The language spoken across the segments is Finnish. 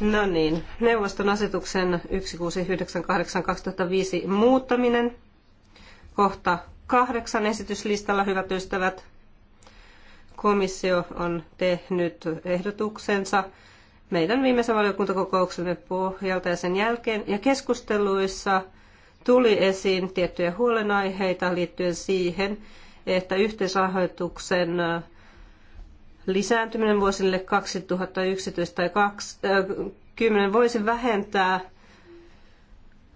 No niin, neuvoston asetuksen 1698-2005 muuttaminen. Kohta kahdeksan esityslistalla, hyvät ystävät. Komissio on tehnyt ehdotuksensa meidän viimeisen valiokuntakokouksemme pohjalta ja sen jälkeen. Ja keskusteluissa tuli esiin tiettyjä huolenaiheita liittyen siihen, että yhteisrahoituksen lisääntyminen vuosille 2011 tai 2010 äh, voisi vähentää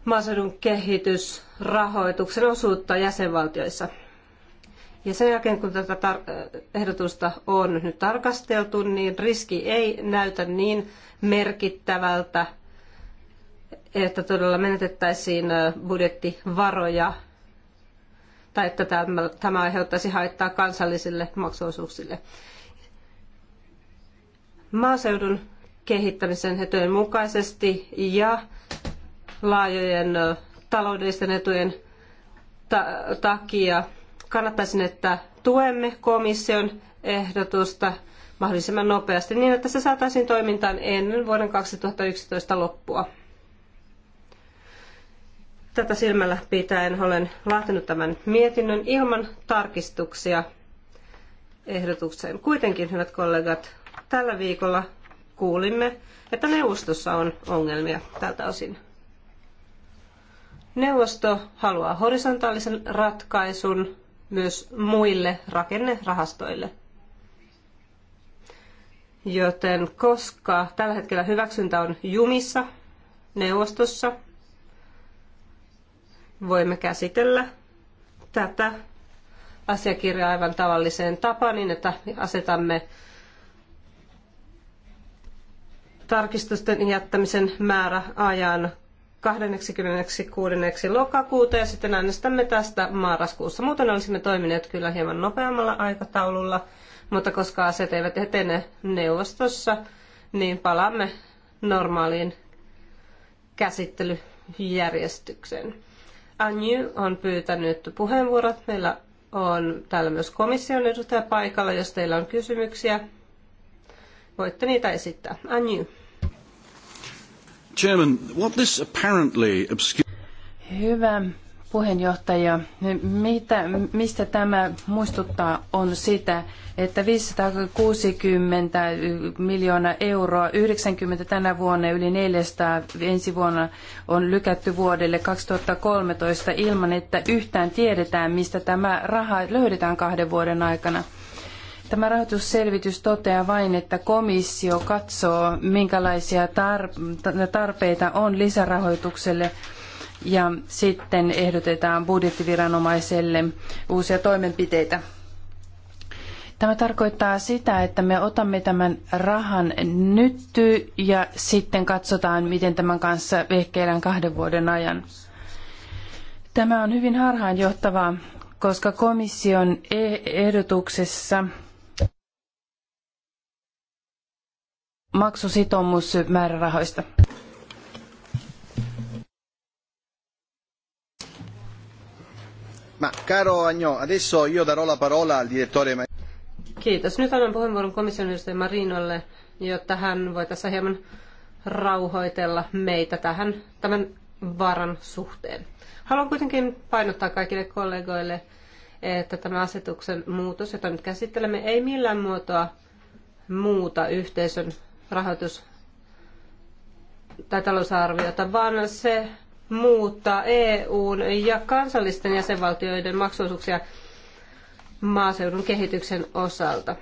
maaseudun kehitysrahoituksen osuutta jäsenvaltioissa. Ja sen jälkeen, kun tätä äh, ehdotusta on nyt tarkasteltu, niin riski ei näytä niin merkittävältä, että todella menetettäisiin äh, budjettivaroja tai että tämä, tämä aiheuttaisi haittaa kansallisille maksuosuuksille maaseudun kehittämisen etujen mukaisesti ja laajojen taloudellisten etujen ta takia kannattaisin, että tuemme komission ehdotusta mahdollisimman nopeasti niin, että se saataisiin toimintaan ennen vuoden 2011 loppua. Tätä silmällä pitäen olen laatinut tämän mietinnön ilman tarkistuksia ehdotukseen. Kuitenkin, hyvät kollegat, tällä viikolla kuulimme, että neuvostossa on ongelmia tältä osin. Neuvosto haluaa horisontaalisen ratkaisun myös muille rakennerahastoille. Joten koska tällä hetkellä hyväksyntä on jumissa neuvostossa, voimme käsitellä tätä asiakirjaa aivan tavalliseen tapaan niin, että asetamme tarkistusten jättämisen määrä ajan 26. lokakuuta ja sitten äänestämme tästä marraskuussa. Muuten olisimme toimineet kyllä hieman nopeammalla aikataululla, mutta koska asiat eivät etene neuvostossa, niin palaamme normaaliin käsittelyjärjestykseen. Anju on pyytänyt puheenvuorot. Meillä on täällä myös komission edustaja paikalla. Jos teillä on kysymyksiä, voitte niitä esittää. Anju. Chairman, what this apparently obscure... Hyvä puheenjohtaja, mitä, mistä tämä muistuttaa on sitä, että 560 miljoonaa euroa, 90 tänä vuonna yli 400 ensi vuonna on lykätty vuodelle 2013 ilman, että yhtään tiedetään, mistä tämä raha löydetään kahden vuoden aikana. Tämä rahoitusselvitys toteaa vain, että komissio katsoo, minkälaisia tarpeita on lisärahoitukselle ja sitten ehdotetaan budjettiviranomaiselle uusia toimenpiteitä. Tämä tarkoittaa sitä, että me otamme tämän rahan nyt ja sitten katsotaan, miten tämän kanssa vehkeillään kahden vuoden ajan. Tämä on hyvin harhaanjohtavaa, koska komission ehdotuksessa maksusitoumusmäärärahoista. määrärahoista. Ma caro adesso io darò la parola al direttore. Kiitos. Nyt annan puheenvuoron komission edustaja Marinolle, jotta hän voi tässä hieman rauhoitella meitä tähän, tämän varan suhteen. Haluan kuitenkin painottaa kaikille kollegoille, että tämä asetuksen muutos, jota nyt käsittelemme, ei millään muotoa muuta yhteisön rahoitus- tai talousarviota, vaan se muuttaa EUn ja kansallisten jäsenvaltioiden maksuosuuksia maaseudun kehityksen osalta.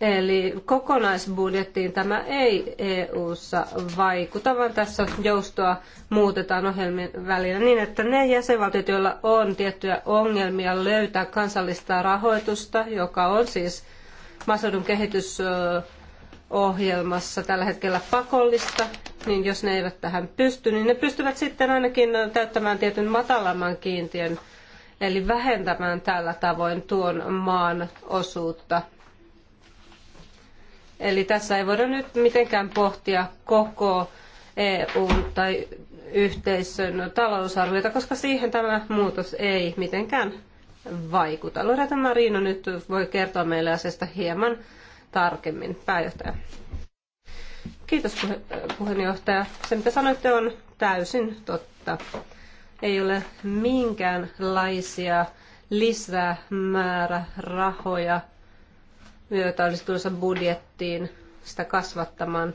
Eli kokonaisbudjettiin tämä ei EU-ssa vaikuta, vaan tässä joustoa muutetaan ohjelmien välillä niin, että ne jäsenvaltiot, joilla on tiettyjä ongelmia löytää kansallista rahoitusta, joka on siis maaseudun kehitysohjelmassa tällä hetkellä pakollista, niin jos ne eivät tähän pysty, niin ne pystyvät sitten ainakin täyttämään tietyn matalamman kiintiön, eli vähentämään tällä tavoin tuon maan osuutta Eli tässä ei voida nyt mitenkään pohtia koko n tai yhteisön talousarviota, koska siihen tämä muutos ei mitenkään vaikuta. Loretta Marino nyt voi kertoa meille asiasta hieman tarkemmin. Pääjohtaja. Kiitos puheenjohtaja. Se mitä sanoitte on täysin totta. Ei ole minkäänlaisia lisämäärärahoja myötä olisi tulossa budjettiin sitä kasvattamaan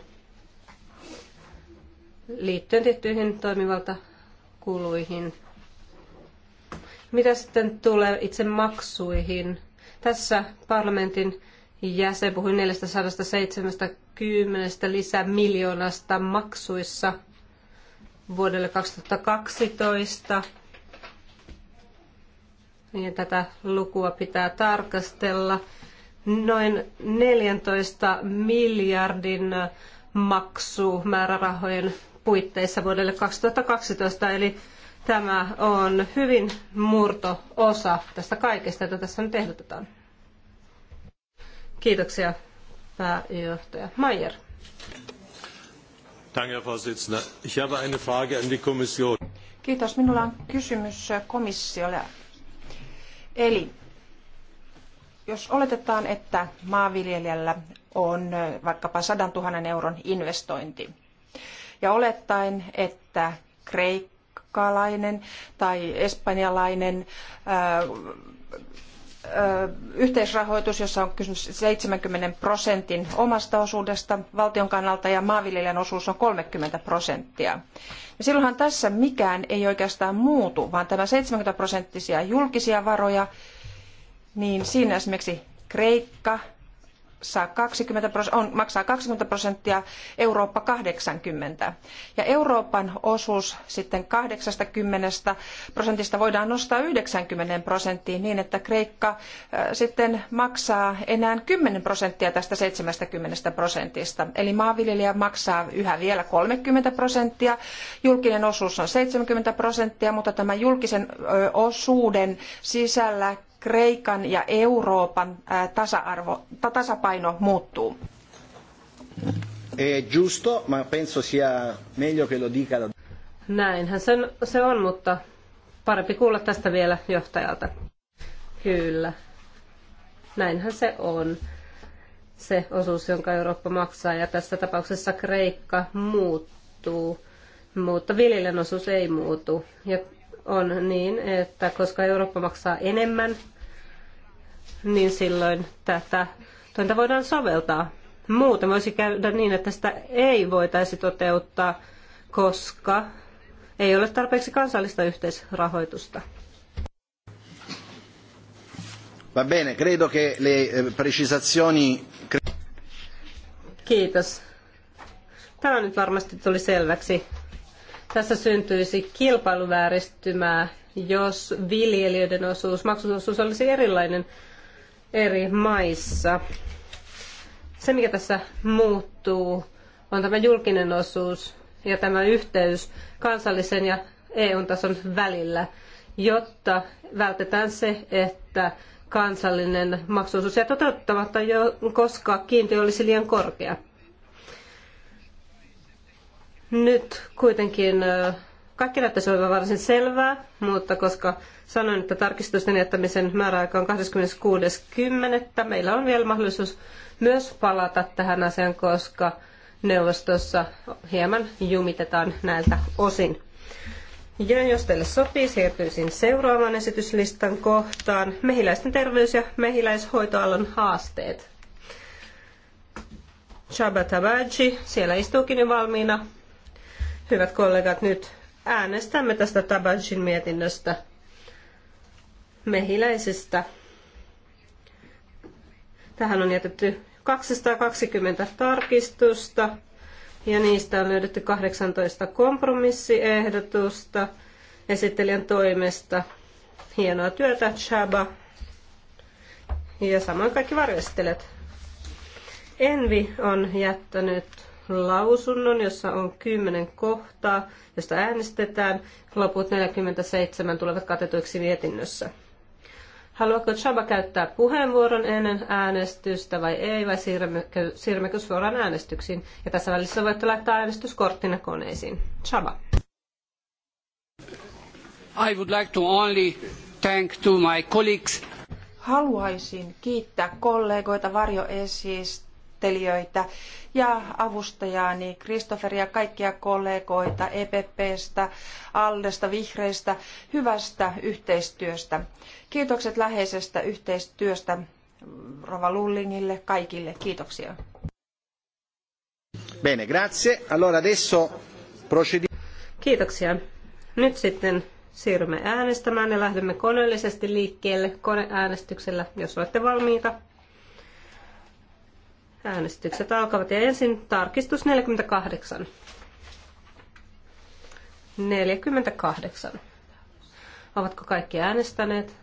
liittyen tiettyihin toimivaltakuluihin. Mitä sitten tulee itse maksuihin? Tässä parlamentin jäsen puhui 470 lisää miljoonasta maksuissa vuodelle 2012. Niin tätä lukua pitää tarkastella noin 14 miljardin maksu määrärahojen puitteissa vuodelle 2012, eli tämä on hyvin murto-osa tästä kaikesta, jota tässä nyt ehdotetaan. Kiitoksia, pääjohtaja Mayer. Kiitos. Minulla on kysymys komissiolle. Eli jos oletetaan, että maanviljelijällä on vaikkapa 100 000 euron investointi, ja olettaen, että kreikkalainen tai espanjalainen ää, ää, yhteisrahoitus, jossa on kysymys 70 prosentin omasta osuudesta valtion kannalta ja maanviljelijän osuus on 30 prosenttia. Ja silloinhan tässä mikään ei oikeastaan muutu, vaan tämä 70 prosenttisia julkisia varoja niin siinä esimerkiksi Kreikka saa 20, on, maksaa 20 prosenttia, Eurooppa 80. Ja Euroopan osuus sitten 80 prosentista voidaan nostaa 90 prosenttiin niin, että Kreikka sitten maksaa enää 10 prosenttia tästä 70 prosentista. Eli maanviljelijä maksaa yhä vielä 30 prosenttia, julkinen osuus on 70 prosenttia, mutta tämän julkisen osuuden sisällä Kreikan ja Euroopan tasa-arvo, tasapaino muuttuu. E' giusto, ma penso sia meglio che lo dica la... Näinhän sen, se on, mutta parempi kuulla tästä vielä johtajalta. Kyllä. Näinhän se on. Se osuus, jonka Eurooppa maksaa, ja tässä tapauksessa Kreikka muuttuu, mutta viljelijän osuus ei muutu. Ja on niin, että koska Eurooppa maksaa enemmän, niin silloin tätä tointa voidaan soveltaa. Muuten voisi käydä niin, että sitä ei voitaisi toteuttaa, koska ei ole tarpeeksi kansallista yhteisrahoitusta. Va bene, credo che le eh, precisazioni... Kiitos. Tämä nyt varmasti tuli selväksi. Tässä syntyisi kilpailuvääristymää, jos viljelijöiden osuus, maksuosuus olisi erilainen eri maissa. Se, mikä tässä muuttuu, on tämä julkinen osuus ja tämä yhteys kansallisen ja EU-tason välillä, jotta vältetään se, että kansallinen maksuosuus jää toteuttamatta, koska kiintiö olisi liian korkea. Nyt kuitenkin kaikki näyttäisi olevan varsin selvää, mutta koska sanoin, että tarkistusten jättämisen määräaika on 26.10. Meillä on vielä mahdollisuus myös palata tähän asiaan, koska neuvostossa hieman jumitetaan näiltä osin. Ja jos teille sopii, siirtyisin seuraavaan esityslistan kohtaan. Mehiläisten terveys- ja mehiläishoitoalan haasteet. Chaba siellä istuukin jo valmiina. Hyvät kollegat, nyt äänestämme tästä Tabancin mietinnöstä mehiläisistä. Tähän on jätetty 220 tarkistusta ja niistä on löydetty 18 kompromissiehdotusta esittelijän toimesta. Hienoa työtä, Chaba. Ja samoin kaikki varjoistelijat. Envi on jättänyt lausunnon, jossa on kymmenen kohtaa, josta äänestetään. Loput 47 tulevat katetuiksi mietinnössä. Haluatko Chaba käyttää puheenvuoron ennen äänestystä vai ei, vai siirrymmekö, siirrymmekö suoraan äänestyksiin? Ja tässä välissä voitte laittaa äänestyskorttina koneisiin. Chaba. I would like to only thank to my colleagues. Haluaisin kiittää kollegoita varjoesistä varjoesittelijöitä ja avustajaani ja kaikkia kollegoita EPPstä, Aldesta, Vihreistä, hyvästä yhteistyöstä. Kiitokset läheisestä yhteistyöstä Rova Lullingille, kaikille. Kiitoksia. Bene, grazie. Allora adesso procedi. Kiitoksia. Nyt sitten siirrymme äänestämään ja lähdemme koneellisesti liikkeelle koneäänestyksellä, jos olette valmiita. Äänestykset alkavat ja ensin tarkistus 48. 48. Ovatko kaikki äänestäneet?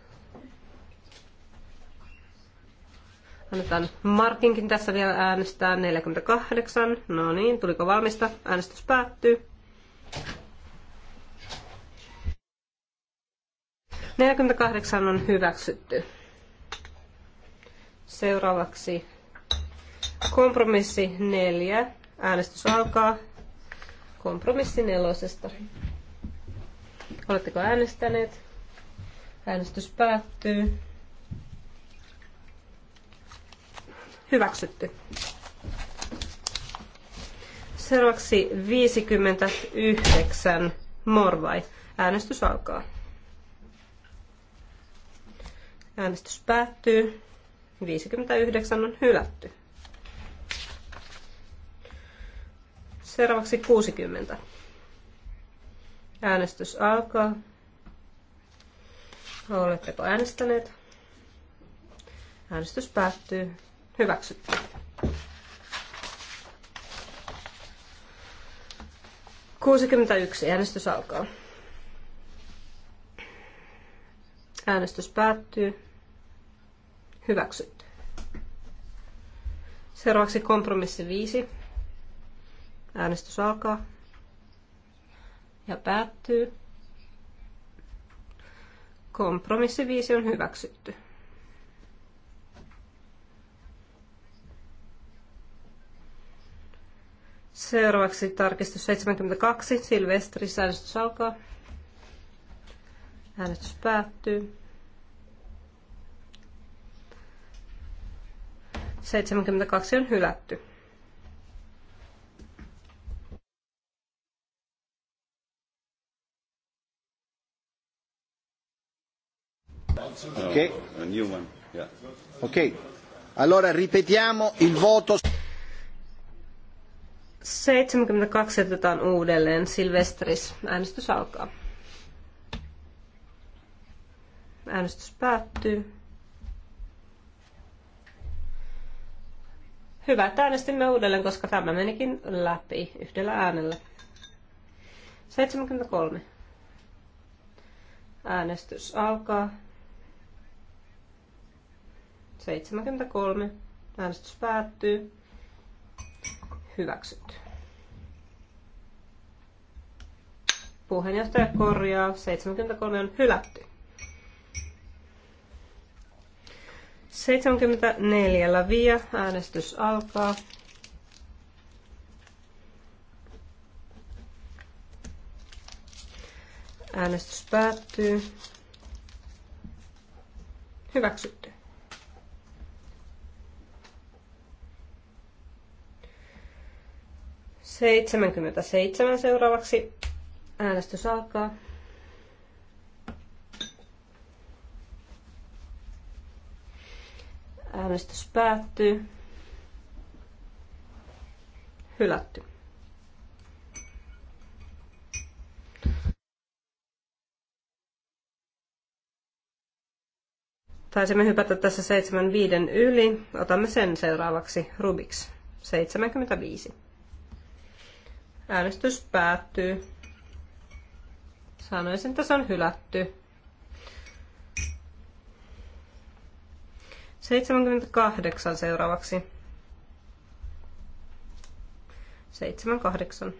Annetaan Markinkin tässä vielä äänestää 48. No niin, tuliko valmista? Äänestys päättyy. 48 on hyväksytty. Seuraavaksi Kompromissi neljä. Äänestys alkaa. Kompromissi nelosesta. Oletteko äänestäneet? Äänestys päättyy. Hyväksytty. Seuraavaksi 59 Morvai. Äänestys alkaa. Äänestys päättyy. 59 on hylätty. Seuraavaksi 60. Äänestys alkaa. Oletteko äänestäneet? Äänestys päättyy. Hyväksytty. yksi. Äänestys alkaa. Äänestys päättyy. Hyväksytty. Seuraavaksi kompromissi viisi Äänestys alkaa ja päättyy. Kompromissi 5 on hyväksytty. Seuraavaksi tarkistus 72. Silvestri, äänestys alkaa. Äänestys päättyy. 72 on hylätty. Okay. A new one. Yeah. Ok. Allora ripetiamo il voto. 72 otetaan uudelleen Silvestris. Äänestys alkaa. Äänestys päättyy. Hyvä, että äänestimme uudelleen, koska tämä menikin läpi yhdellä äänellä. 73. Äänestys alkaa. 73. Äänestys päättyy. Hyväksytty. Puheenjohtaja korjaa. 73 on hylätty. 74 läviä. Äänestys alkaa. Äänestys päättyy. Hyväksy. 77 seuraavaksi. Äänestys alkaa. Äänestys päättyy. Hylätty. Taisimme hypätä tässä 75 yli. Otamme sen seuraavaksi Rubiks 75. Äänestys päättyy. Sanoisin, että se on hylätty. 78 seuraavaksi. 78.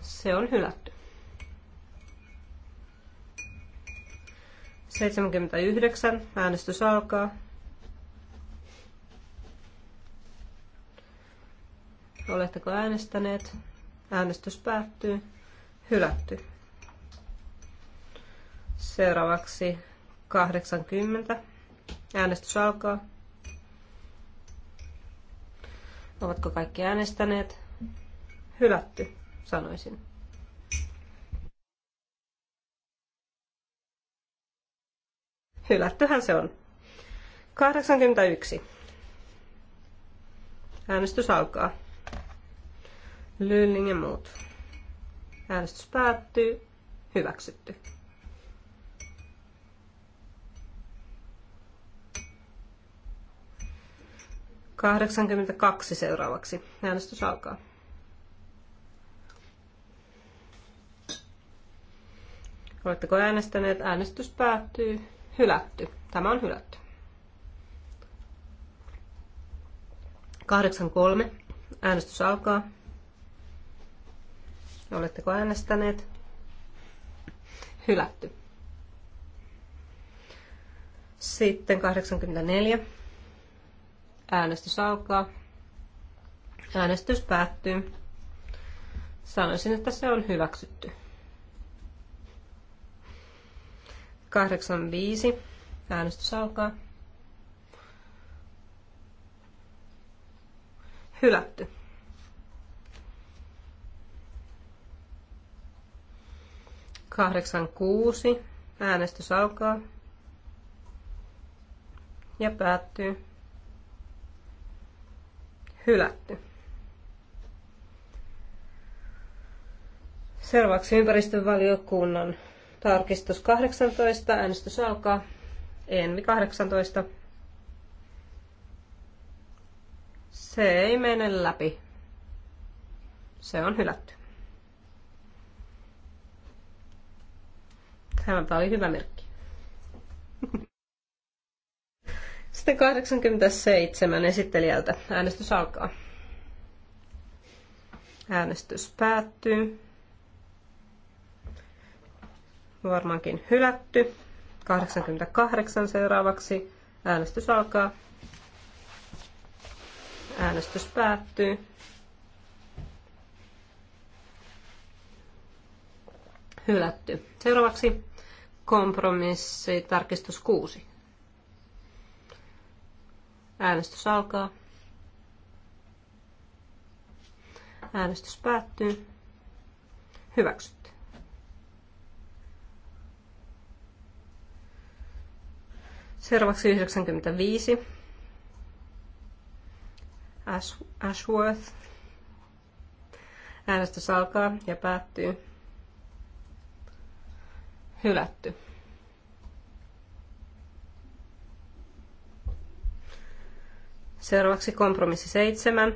Se on hylätty. 79. Äänestys alkaa. Oletteko äänestäneet? Äänestys päättyy. Hylätty. Seuraavaksi 80. Äänestys alkaa. Ovatko kaikki äänestäneet? Hylätty, sanoisin. Hylättyhän se on. 81. Äänestys alkaa. Lylling ja muut. Äänestys päättyy. Hyväksytty. Kahdeksankymmentäkaksi seuraavaksi. Äänestys alkaa. Oletteko äänestäneet? Äänestys päättyy. Hylätty. Tämä on hylätty. 83. Äänestys alkaa. Oletteko äänestäneet? Hylätty. Sitten 84. Äänestys alkaa. Äänestys päättyy. Sanoisin, että se on hyväksytty. 85. Äänestys alkaa. Hylätty. 86. Äänestys alkaa. Ja päättyy. Hylätty. Seuraavaksi ympäristövaliokunnan tarkistus 18. Äänestys alkaa. Envi 18. Se ei mene läpi. Se on hylätty. Tämä oli hyvä merkki. Sitten 87 esittelijältä. Äänestys alkaa. Äänestys päättyy. Varmaankin hylätty. 88 seuraavaksi. Äänestys alkaa. Äänestys päättyy. Hylätty. Seuraavaksi kompromissi tarkistus 6. Äänestys alkaa. Äänestys päättyy. Hyväksytty. Seuraavaksi 95. Ashworth. Äänestys alkaa ja päättyy hylätty. Seuraavaksi kompromissi seitsemän.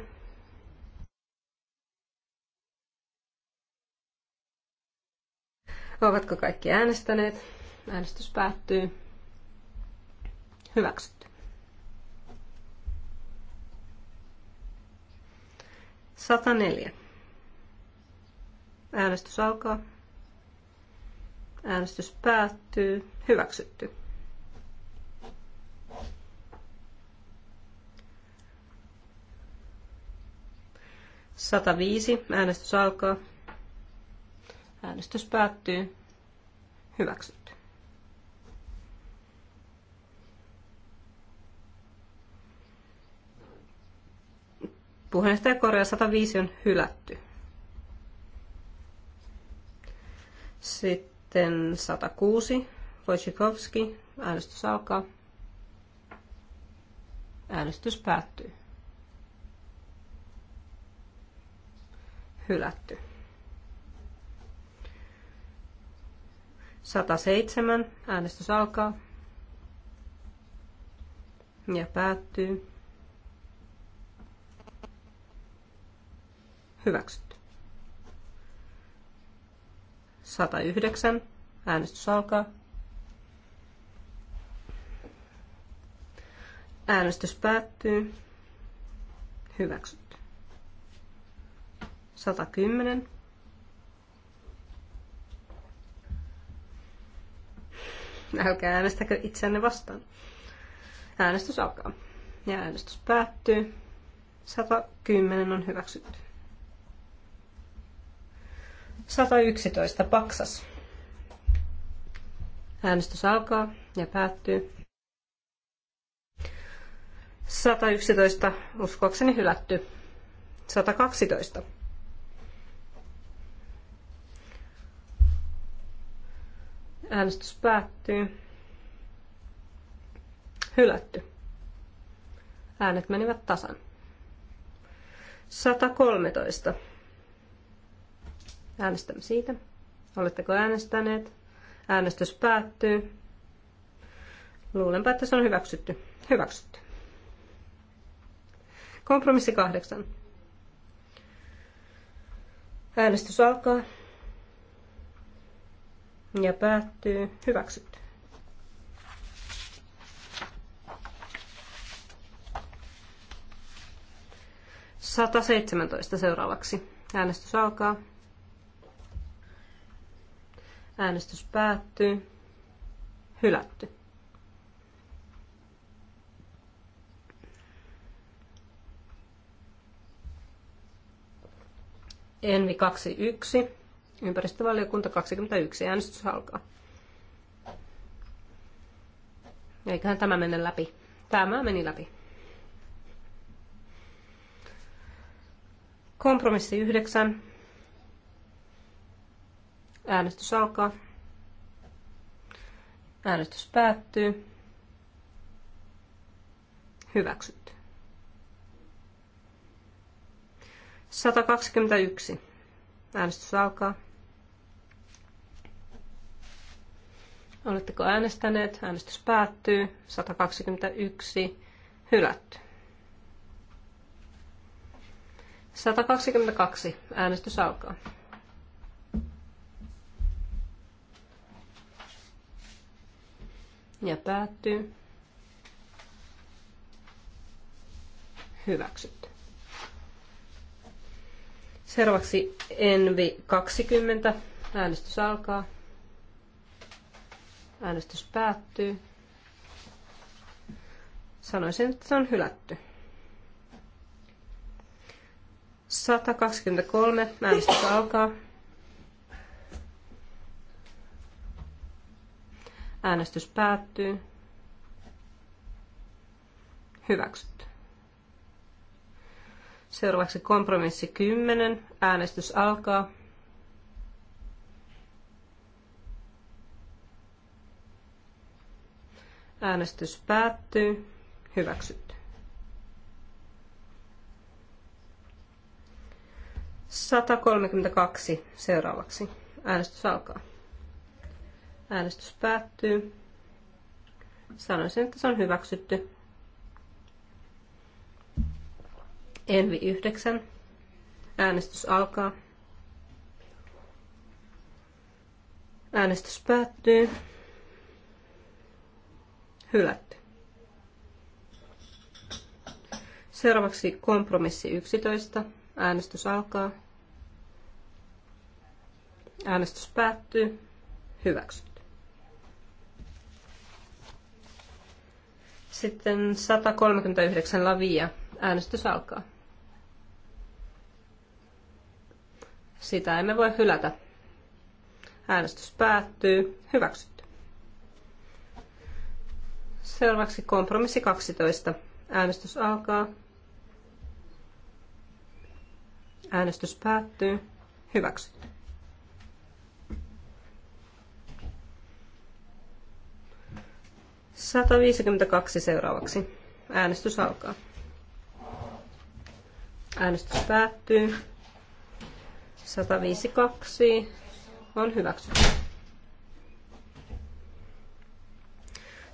Ovatko kaikki äänestäneet? Äänestys päättyy. Hyväksytty. Sataneljä. Äänestys alkaa. Äänestys päättyy. Hyväksytty. Sata viisi. Äänestys alkaa. Äänestys päättyy. Hyväksytty. Puheenjohtaja korjaa 105 on hylätty. Sitten sitten 106. Wojciechowski. Äänestys alkaa. Äänestys päättyy. Hylätty. 107. Äänestys alkaa. Ja päättyy. Hyväksytty. 109. Äänestys alkaa. Äänestys päättyy. Hyväksytty. 110. Älkää äänestäkö itseänne vastaan. Äänestys alkaa. Ja äänestys päättyy. 110 on hyväksytty. 111 paksas. Äänestys alkaa ja päättyy. 111 uskoakseni hylätty. 112. Äänestys päättyy. Hylätty. Äänet menivät tasan. 113. Äänestämme siitä. Oletteko äänestäneet? Äänestys päättyy. Luulenpa, että se on hyväksytty. Hyväksytty. Kompromissi kahdeksan. Äänestys alkaa ja päättyy. Hyväksytty. Sata seitsemäntoista seuraavaksi. Äänestys alkaa Äänestys päättyy. Hylätty. Envi 21, ympäristövaliokunta 21, äänestys alkaa. Eiköhän tämä mene läpi. Tämä meni läpi. Kompromissi 9, Äänestys alkaa. Äänestys päättyy. Hyväksytty. 121. Äänestys alkaa. Oletteko äänestäneet? Äänestys päättyy. 121. Hylätty. 122. Äänestys alkaa. ja päättyy. Hyväksyt. Seuraavaksi Envi 20. Äänestys alkaa. Äänestys päättyy. Sanoisin, että se on hylätty. 123. Äänestys alkaa. Äänestys päättyy. Hyväksytty. Seuraavaksi kompromissi 10. Äänestys alkaa. Äänestys päättyy. Hyväksytty. kaksi seuraavaksi. Äänestys alkaa. Äänestys päättyy. Sanoisin, että se on hyväksytty. Envi 9. Äänestys alkaa. Äänestys päättyy. Hylätty. Seuraavaksi kompromissi 11. Äänestys alkaa. Äänestys päättyy. Hyväksytty. Sitten 139 lavia. Äänestys alkaa. Sitä emme voi hylätä. Äänestys päättyy. Hyväksytty. Seuraavaksi kompromissi 12. Äänestys alkaa. Äänestys päättyy. Hyväksytty. 152 seuraavaksi. Äänestys alkaa. Äänestys päättyy. 152 on hyväksytty.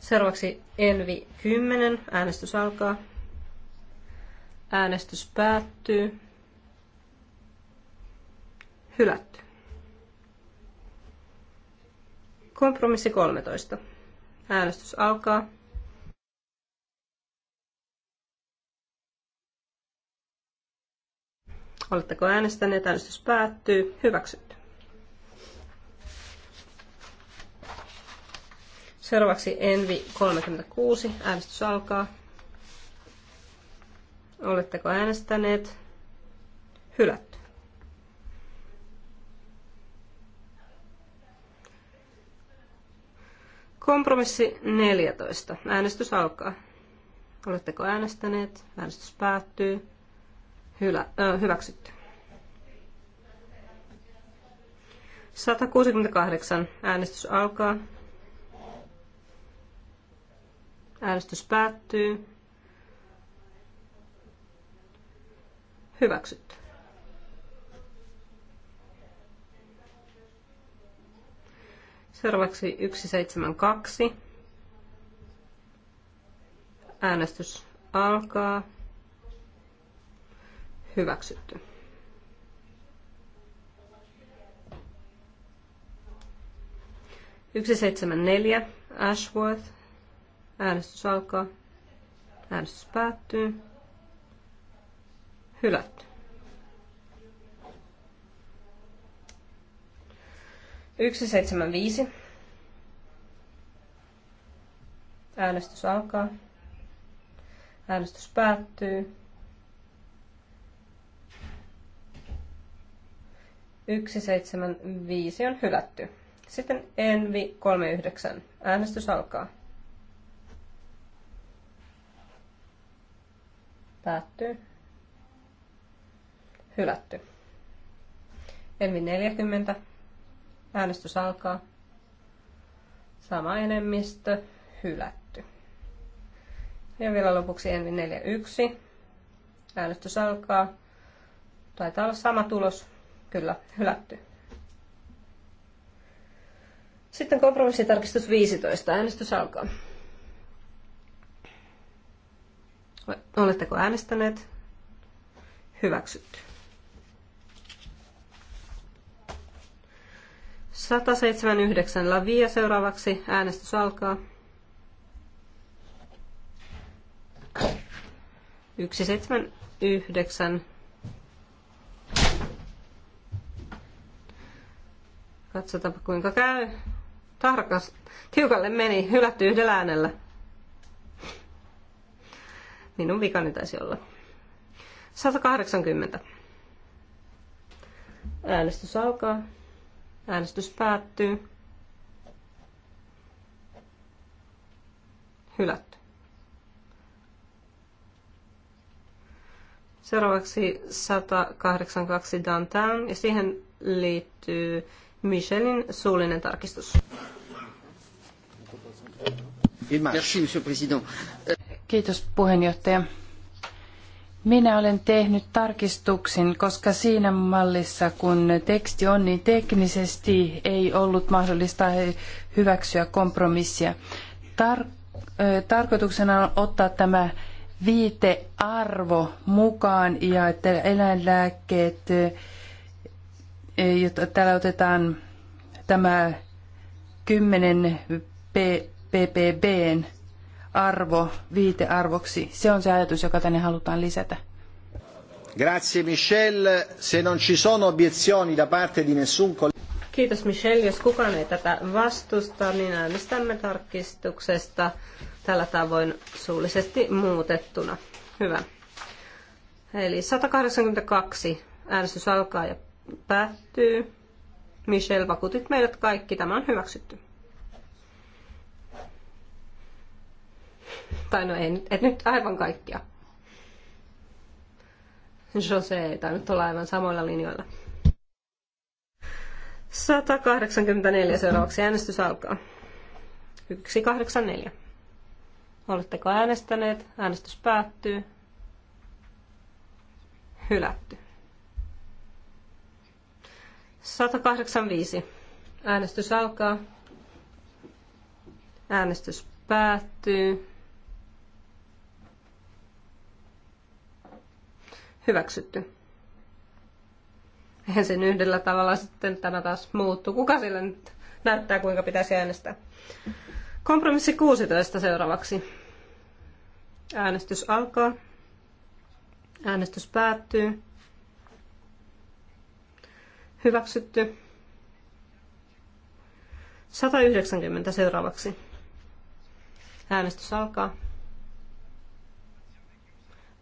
Seuraavaksi Envi 10. Äänestys alkaa. Äänestys päättyy. Hylätty. Kompromissi 13. Äänestys alkaa. Oletteko äänestäneet? Äänestys päättyy. Hyväksytty. Seuraavaksi Envi 36. Äänestys alkaa. Oletteko äänestäneet? Hylätty. Kompromissi 14. Äänestys alkaa. Oletteko äänestäneet? Äänestys päättyy. Hylä, ö, hyväksytty. 168. Äänestys alkaa. Äänestys päättyy. Hyväksytty. Seuraavaksi 172. Äänestys alkaa. Hyväksytty. Yksi seitsemän neljä. Ashworth. Äänestys alkaa. Äänestys päättyy. Hylätty. 175. Äänestys alkaa. Äänestys päättyy. 175 on hylätty. Sitten Envi 39. Äänestys alkaa. Päättyy. Hylätty. Envi 40. Äänestys alkaa. Sama enemmistö, hylätty. Ja vielä lopuksi Envi 41. Äänestys alkaa. Taitaa olla sama tulos. Kyllä, hylätty. Sitten kompromissitarkistus 15. Äänestys alkaa. Oletteko äänestäneet? Hyväksytty. 179 lavia seuraavaksi. Äänestys alkaa. 179. Katsotaanpa kuinka käy. Tarkas. Tiukalle meni. Hylätty yhdellä äänellä. Minun vikani taisi olla. 180. Äänestys alkaa. Äänestys päättyy. Hylätty. Seuraavaksi 182 Downtown ja siihen liittyy Michelin suullinen tarkistus. Kiitos puheenjohtaja. Minä olen tehnyt tarkistuksen, koska siinä mallissa, kun teksti on, niin teknisesti ei ollut mahdollista hyväksyä kompromissia. Tar- tarkoituksena on ottaa tämä viitearvo mukaan ja että eläinlääkkeet, jota täällä otetaan tämä 10 ppb arvo viitearvoksi. Se on se ajatus, joka tänne halutaan lisätä. Grazie Michel. Se non ci sono obiezioni da parte di nessun Kiitos Michelle. Jos kukaan ei tätä vastusta, niin äänestämme tarkistuksesta tällä tavoin suullisesti muutettuna. Hyvä. Eli 182 äänestys alkaa ja päättyy. Michelle, vakuutit meidät kaikki. Tämä on hyväksytty. Tai no ei, et nyt aivan kaikkia. Jose ei tainnut olla aivan samoilla linjoilla. 184 seuraavaksi äänestys alkaa. 184. Oletteko äänestäneet? Äänestys päättyy. Hylätty. 185. Äänestys alkaa. Äänestys päättyy. hyväksytty. sen yhdellä tavalla sitten tämä taas muuttuu. Kuka sillä nyt näyttää, kuinka pitäisi äänestää? Kompromissi 16 seuraavaksi. Äänestys alkaa. Äänestys päättyy. Hyväksytty. 190 seuraavaksi. Äänestys alkaa.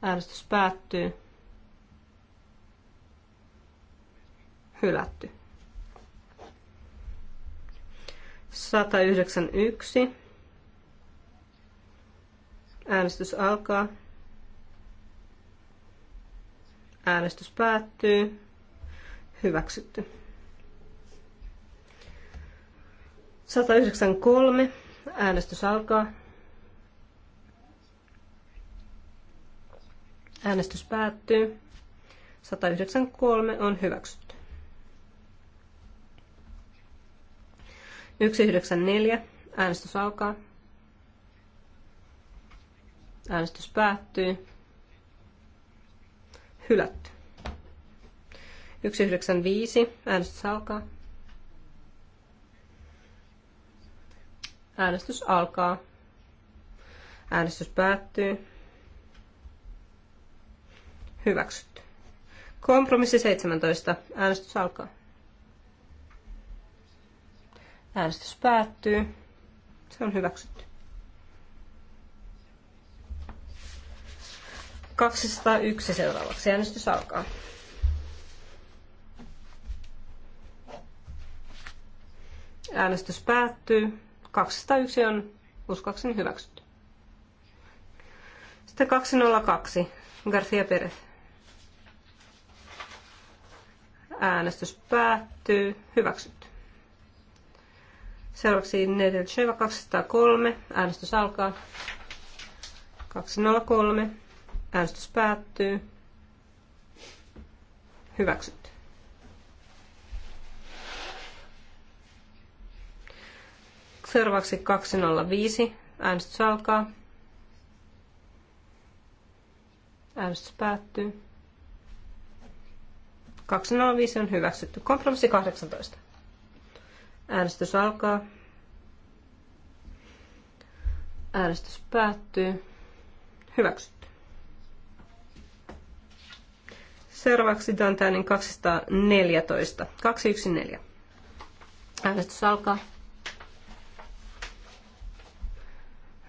Äänestys päättyy. hylätty. 191. Äänestys alkaa. Äänestys päättyy. Hyväksytty. 193. Äänestys alkaa. Äänestys päättyy. 193 on hyväksytty. 194. Äänestys alkaa. Äänestys päättyy. Hylätty. 195. Äänestys alkaa. Äänestys alkaa. Äänestys päättyy. Hyväksytty. Kompromissi 17. Äänestys alkaa. Äänestys päättyy. Se on hyväksytty. 201 seuraavaksi. Äänestys alkaa. Äänestys päättyy. 201 on uskoakseni hyväksytty. Sitten 202. Garcia Perez. Äänestys päättyy. Hyväksytty. Seuraavaksi Sheva 203. Äänestys alkaa. 203. Äänestys päättyy. Hyväksytty. Seuraavaksi 205. Äänestys alkaa. Äänestys päättyy. 205 on hyväksytty. Kompromissi 18. Äänestys alkaa. Äänestys päättyy. Hyväksytty. Seuraavaksi Dantainen 214. 214. Äänestys alkaa.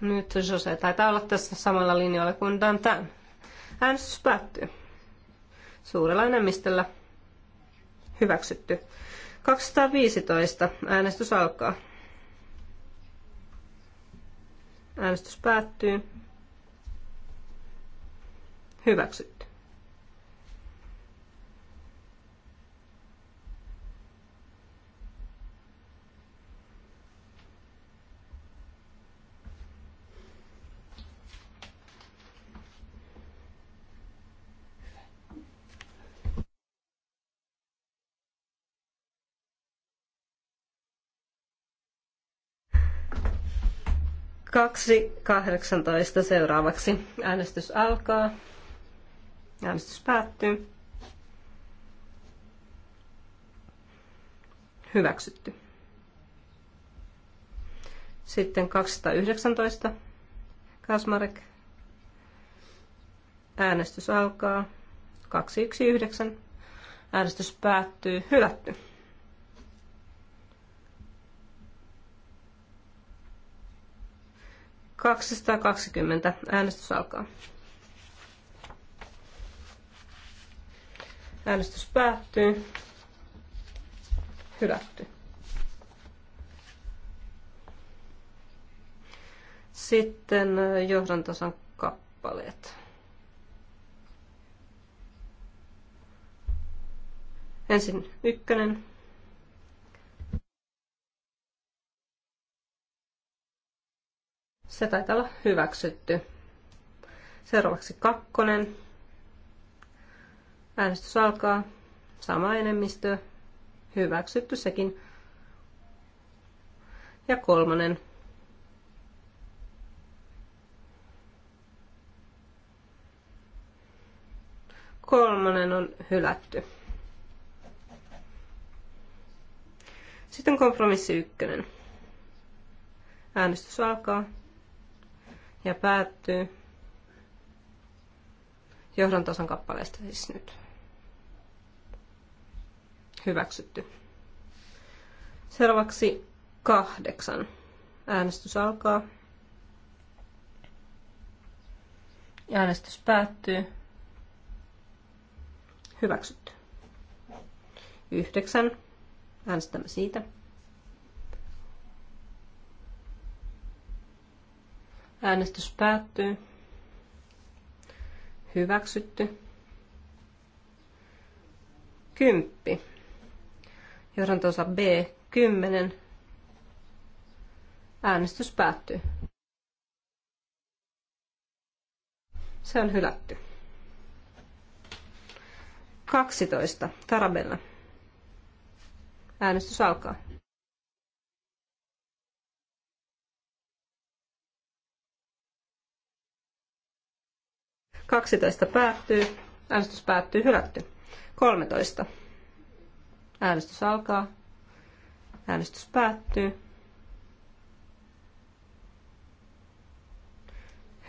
Nyt Jose taitaa olla tässä samalla linjalla kuin tämä. Äänestys päättyy. Suurella enemmistöllä hyväksytty. 215. Äänestys alkaa. Äänestys päättyy. Hyväksytty. 2.18 seuraavaksi. Äänestys alkaa. Äänestys päättyy. Hyväksytty. Sitten 219. Kasmarek. Äänestys alkaa. 219. Äänestys päättyy. Hylätty. 220. Äänestys alkaa. Äänestys päättyy. Hylätty. Sitten äh, johdantasan kappaleet. Ensin ykkönen. Se taitaa olla hyväksytty. Seuraavaksi kakkonen. Äänestys alkaa. Sama enemmistö. Hyväksytty sekin. Ja kolmonen. Kolmonen on hylätty. Sitten kompromissi ykkönen. Äänestys alkaa ja päättyy johdantosan kappaleesta siis nyt. Hyväksytty. Seuraavaksi kahdeksan. Äänestys alkaa. Äänestys päättyy. Hyväksytty. Yhdeksän. Äänestämme siitä. Äänestys päättyy. Hyväksytty. Kymppi. osa B, 10. Äänestys päättyy. Se on hylätty. 12. Tarabella. Äänestys alkaa. 12 päättyy. Äänestys päättyy. Hylätty. 13. Äänestys alkaa. Äänestys päättyy.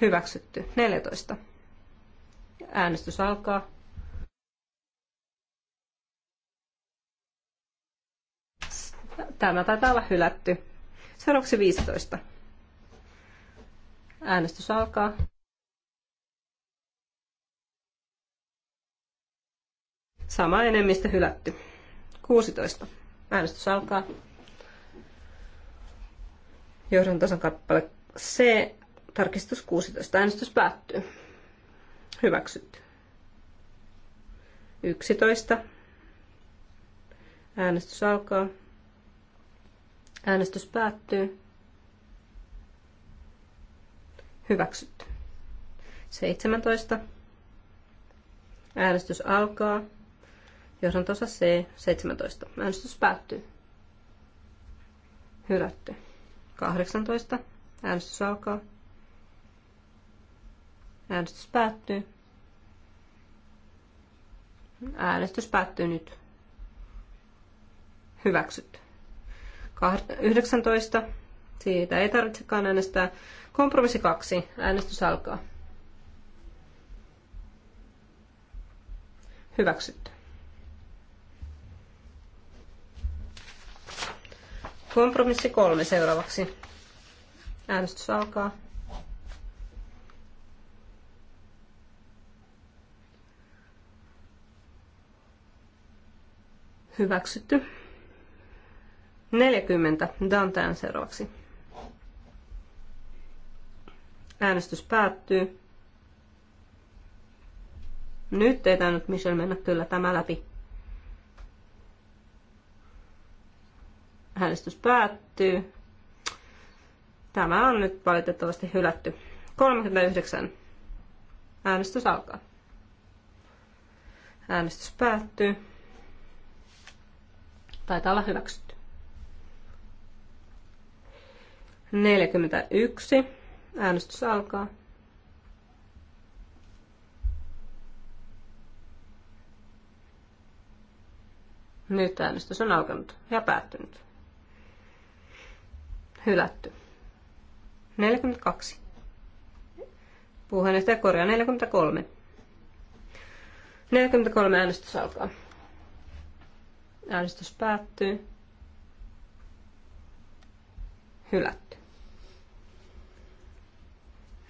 Hyväksytty. 14. Äänestys alkaa. Tämä taitaa olla hylätty. Seuraavaksi 15. Äänestys alkaa. Sama enemmistö hylätty. 16. Äänestys alkaa. tasan kappale C. Tarkistus 16. Äänestys päättyy. Hyväksytty. 11. Äänestys alkaa. Äänestys päättyy. Hyväksytty. 17. Äänestys alkaa. Johdantosa C17. Äänestys päättyy. Hylätty. 18. Äänestys alkaa. Äänestys päättyy. Äänestys päättyy nyt. Hyväksytty. 19. Siitä ei tarvitsekaan äänestää. Kompromissi 2. Äänestys alkaa. Hyväksytty. Kompromissi kolme seuraavaksi. Äänestys alkaa. Hyväksytty. 40. Dantajan seuraavaksi. Äänestys päättyy. Nyt ei tainnut Michelle mennä kyllä tämä läpi. Äänestys päättyy. Tämä on nyt valitettavasti hylätty. 39. Äänestys alkaa. Äänestys päättyy. Taitaa olla hyväksytty. 41. Äänestys alkaa. Nyt äänestys on alkanut ja päättynyt hylätty. 42. Puheenjohtaja korjaa 43. 43 äänestys alkaa. Äänestys päättyy. Hylätty.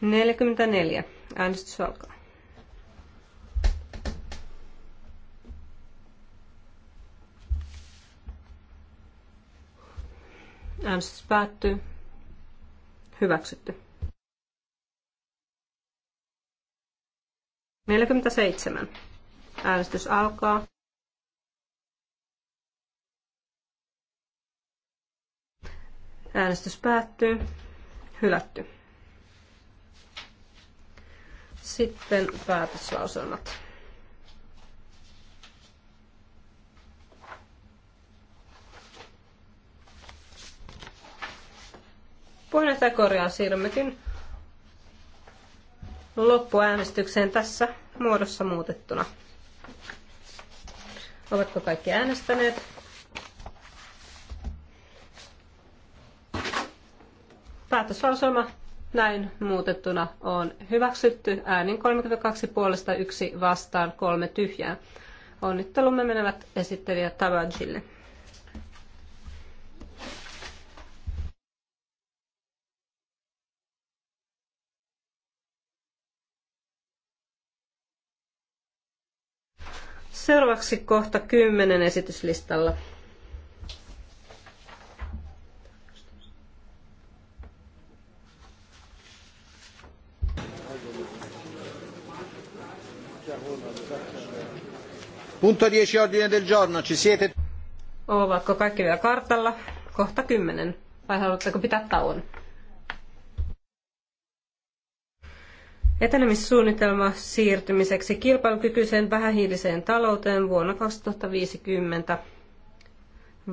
44. Äänestys alkaa. Äänestys päättyy. Hyväksytty. 47. Äänestys alkaa. Äänestys päättyy. Hylätty. Sitten päätöslauselmat. Puheenjohtaja korjaa siirrymmekin loppuäänestykseen tässä muodossa muutettuna. Ovatko kaikki äänestäneet? Päätöslauselma näin muutettuna on hyväksytty äänin 32 puolesta yksi vastaan kolme tyhjää. Onnittelumme menevät esittelijä Tavagille. Seuraavaksi kohta 10 esityslistalla. Punto 10 ordine del giorno, ci siete? Ovatko kaikki vielä kartalla? Kohta 10. Vai haluatteko pitää tauon? Etenemissuunnitelma siirtymiseksi kilpailukykyiseen vähähiiliseen talouteen vuonna 2050.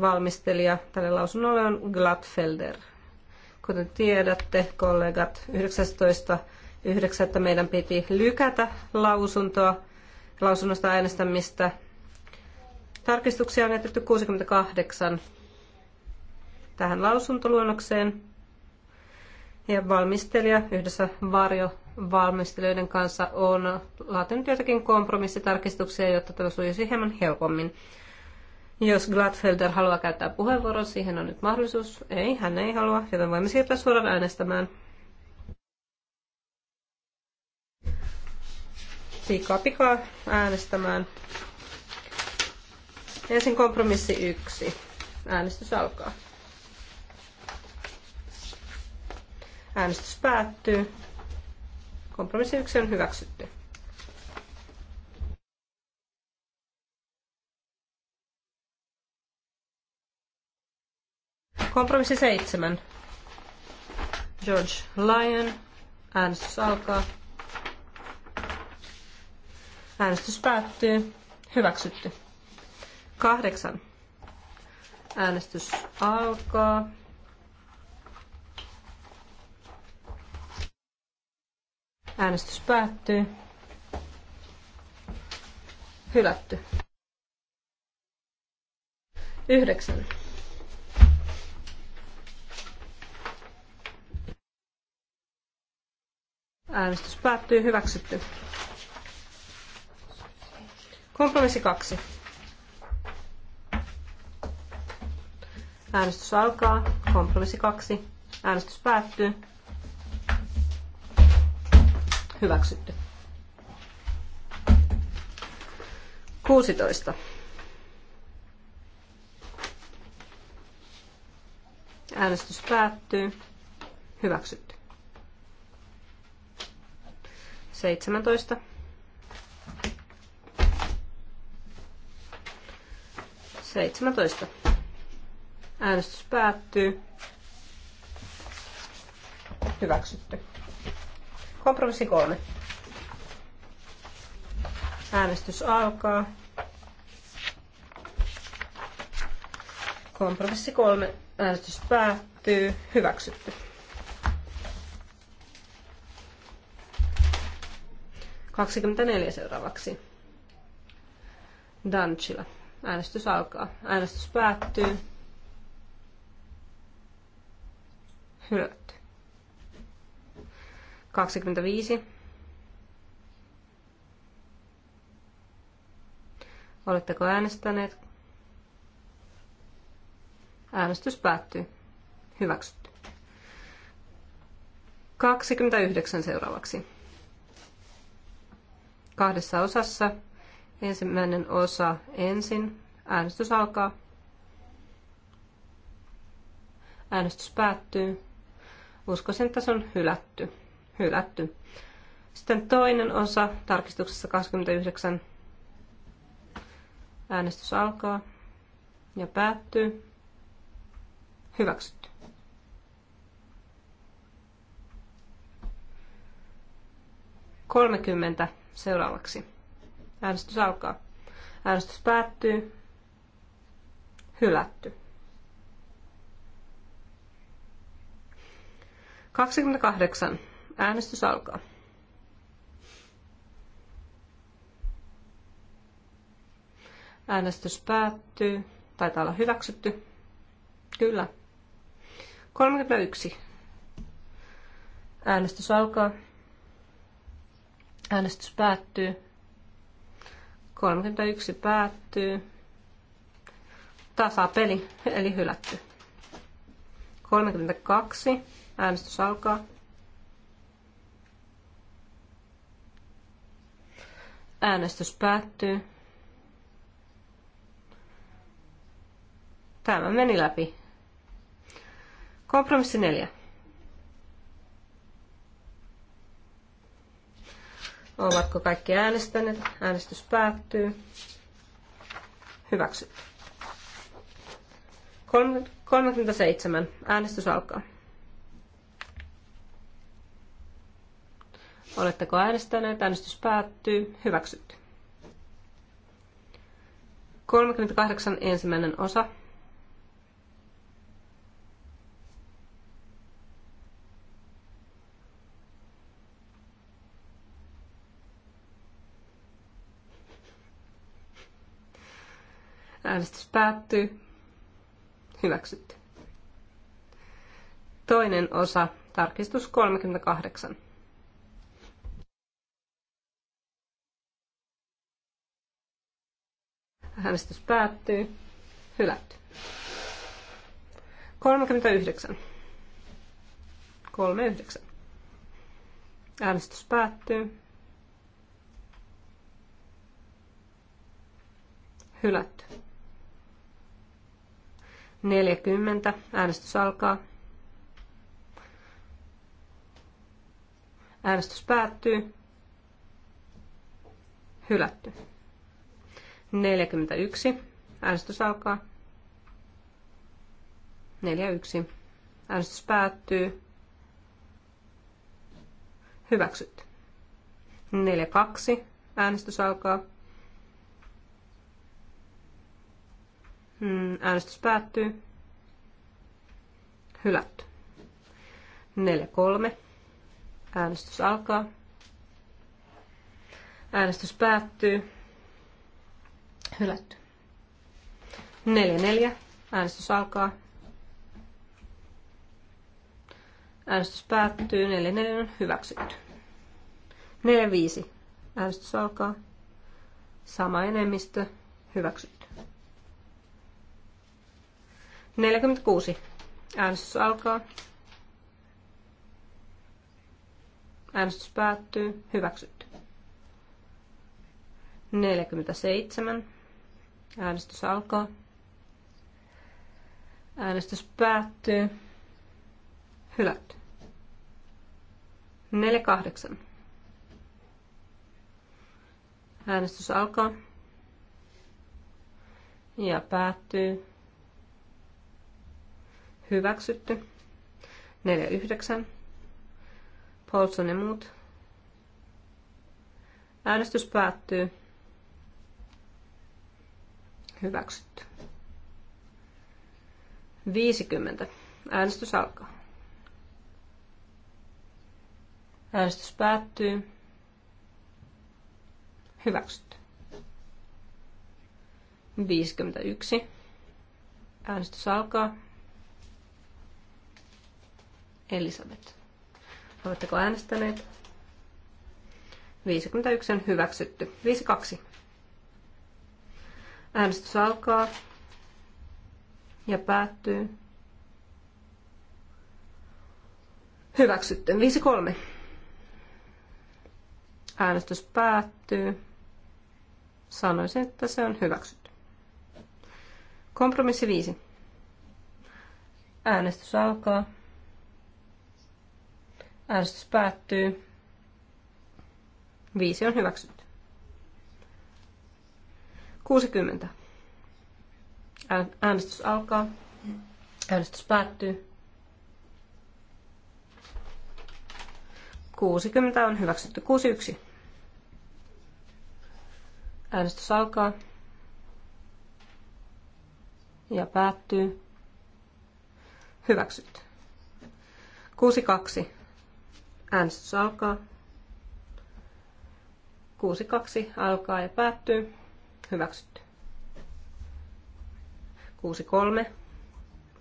Valmistelija tälle lausunnolle on Gladfelder. Kuten tiedätte, kollegat, 19.9. meidän piti lykätä lausuntoa, lausunnosta äänestämistä. Tarkistuksia on jätetty 68 tähän lausuntoluonnokseen. Ja valmistelija yhdessä varjo valmistelijoiden kanssa on laatinut jotakin kompromissitarkistuksia, jotta tämä sujuisi hieman helpommin. Jos Gladfelder haluaa käyttää puheenvuoron, siihen on nyt mahdollisuus. Ei, hän ei halua, joten voimme siirtyä suoraan äänestämään. Pikaa pikaa äänestämään. Ensin kompromissi yksi. Äänestys alkaa. Äänestys päättyy. Kompromissi 1 on hyväksytty. Kompromissi 7. George Lyon. Äänestys alkaa. Äänestys päättyy. Hyväksytty. Kahdeksan. Äänestys alkaa. Äänestys päättyy. Hylätty. Yhdeksän. Äänestys päättyy. Hyväksytty. Kompromissi kaksi. Äänestys alkaa. Kompromissi kaksi. Äänestys päättyy. Hyväksytty. 16. Äänestys päättyy. Hyväksytty. 17. Seitsemäntoista. Äänestys päättyy. Hyväksytty. Kompromissi kolme. Äänestys alkaa. Kompromissi kolme. Äänestys päättyy. Hyväksytty. Kaksikymmentäneljä seuraavaksi. Danchila. Äänestys alkaa. Äänestys päättyy. Hylätty. 25. Oletteko äänestäneet? Äänestys päättyy. Hyväksytty. 29 seuraavaksi. Kahdessa osassa. Ensimmäinen osa ensin. Äänestys alkaa. Äänestys päättyy. Uskoisin, että se on hylätty hylätty. Sitten toinen osa tarkistuksessa 29. Äänestys alkaa ja päättyy. Hyväksytty. Kolmekymmentä seuraavaksi. Äänestys alkaa. Äänestys päättyy. Hylätty. 28. Äänestys alkaa. Äänestys päättyy. Taitaa olla hyväksytty. Kyllä. 31. Äänestys alkaa. Äänestys päättyy. 31 päättyy. Tasa peli eli hylätty. 32. Äänestys alkaa. Äänestys päättyy. Tämä meni läpi. Kompromissi neljä. Ovatko kaikki äänestäneet? Äänestys päättyy. Hyväksy. 37. Äänestys alkaa. Oletteko äänestäneet? Äänestys päättyy. Hyväksytty. 38 ensimmäinen osa. Äänestys päättyy. Hyväksytty. Toinen osa, tarkistus 38. Äänestys päättyy. Hylätty. 39. 39. Äänestys päättyy. Hylätty. 40. Äänestys alkaa. Äänestys päättyy. Hylätty. 41. Äänestys alkaa. 41. Äänestys päättyy. Hyväksyt. 42. Mm, äänestys alkaa. Äänestys päättyy. Hylätty. 43. Äänestys alkaa. Äänestys päättyy. Hylätty. 4-4. Äänestys alkaa. Äänestys päättyy. 4-4 on hyväksytty. 4-5. Äänestys alkaa. Sama enemmistö. Hyväksytty. 46. Äänestys alkaa. Äänestys päättyy. Hyväksytty. 47. Äänestys alkaa. Äänestys päättyy. Hylätty. 48. Äänestys alkaa. Ja päättyy. Hyväksytty. 49. Paulson ja muut. Äänestys päättyy. Hyväksytty. 50. Äänestys alkaa. Äänestys päättyy. Hyväksytty. 51. Äänestys alkaa. Elisabeth. Oletteko äänestäneet? 51 on hyväksytty. 52. Äänestys alkaa ja päättyy. Hyväksytty. 5-3. Äänestys päättyy. Sanoisin, että se on hyväksytty. Kompromissi 5. Äänestys alkaa. Äänestys päättyy. Viisi on hyväksytty. 60. Äänestys alkaa. Äänestys päättyy. 60 on hyväksytty 61. Äänestys alkaa. Ja päättyy. Hyväksytty. 62. Äänestys alkaa. 62 alkaa ja päättyy. Hyväksytty. 6.3.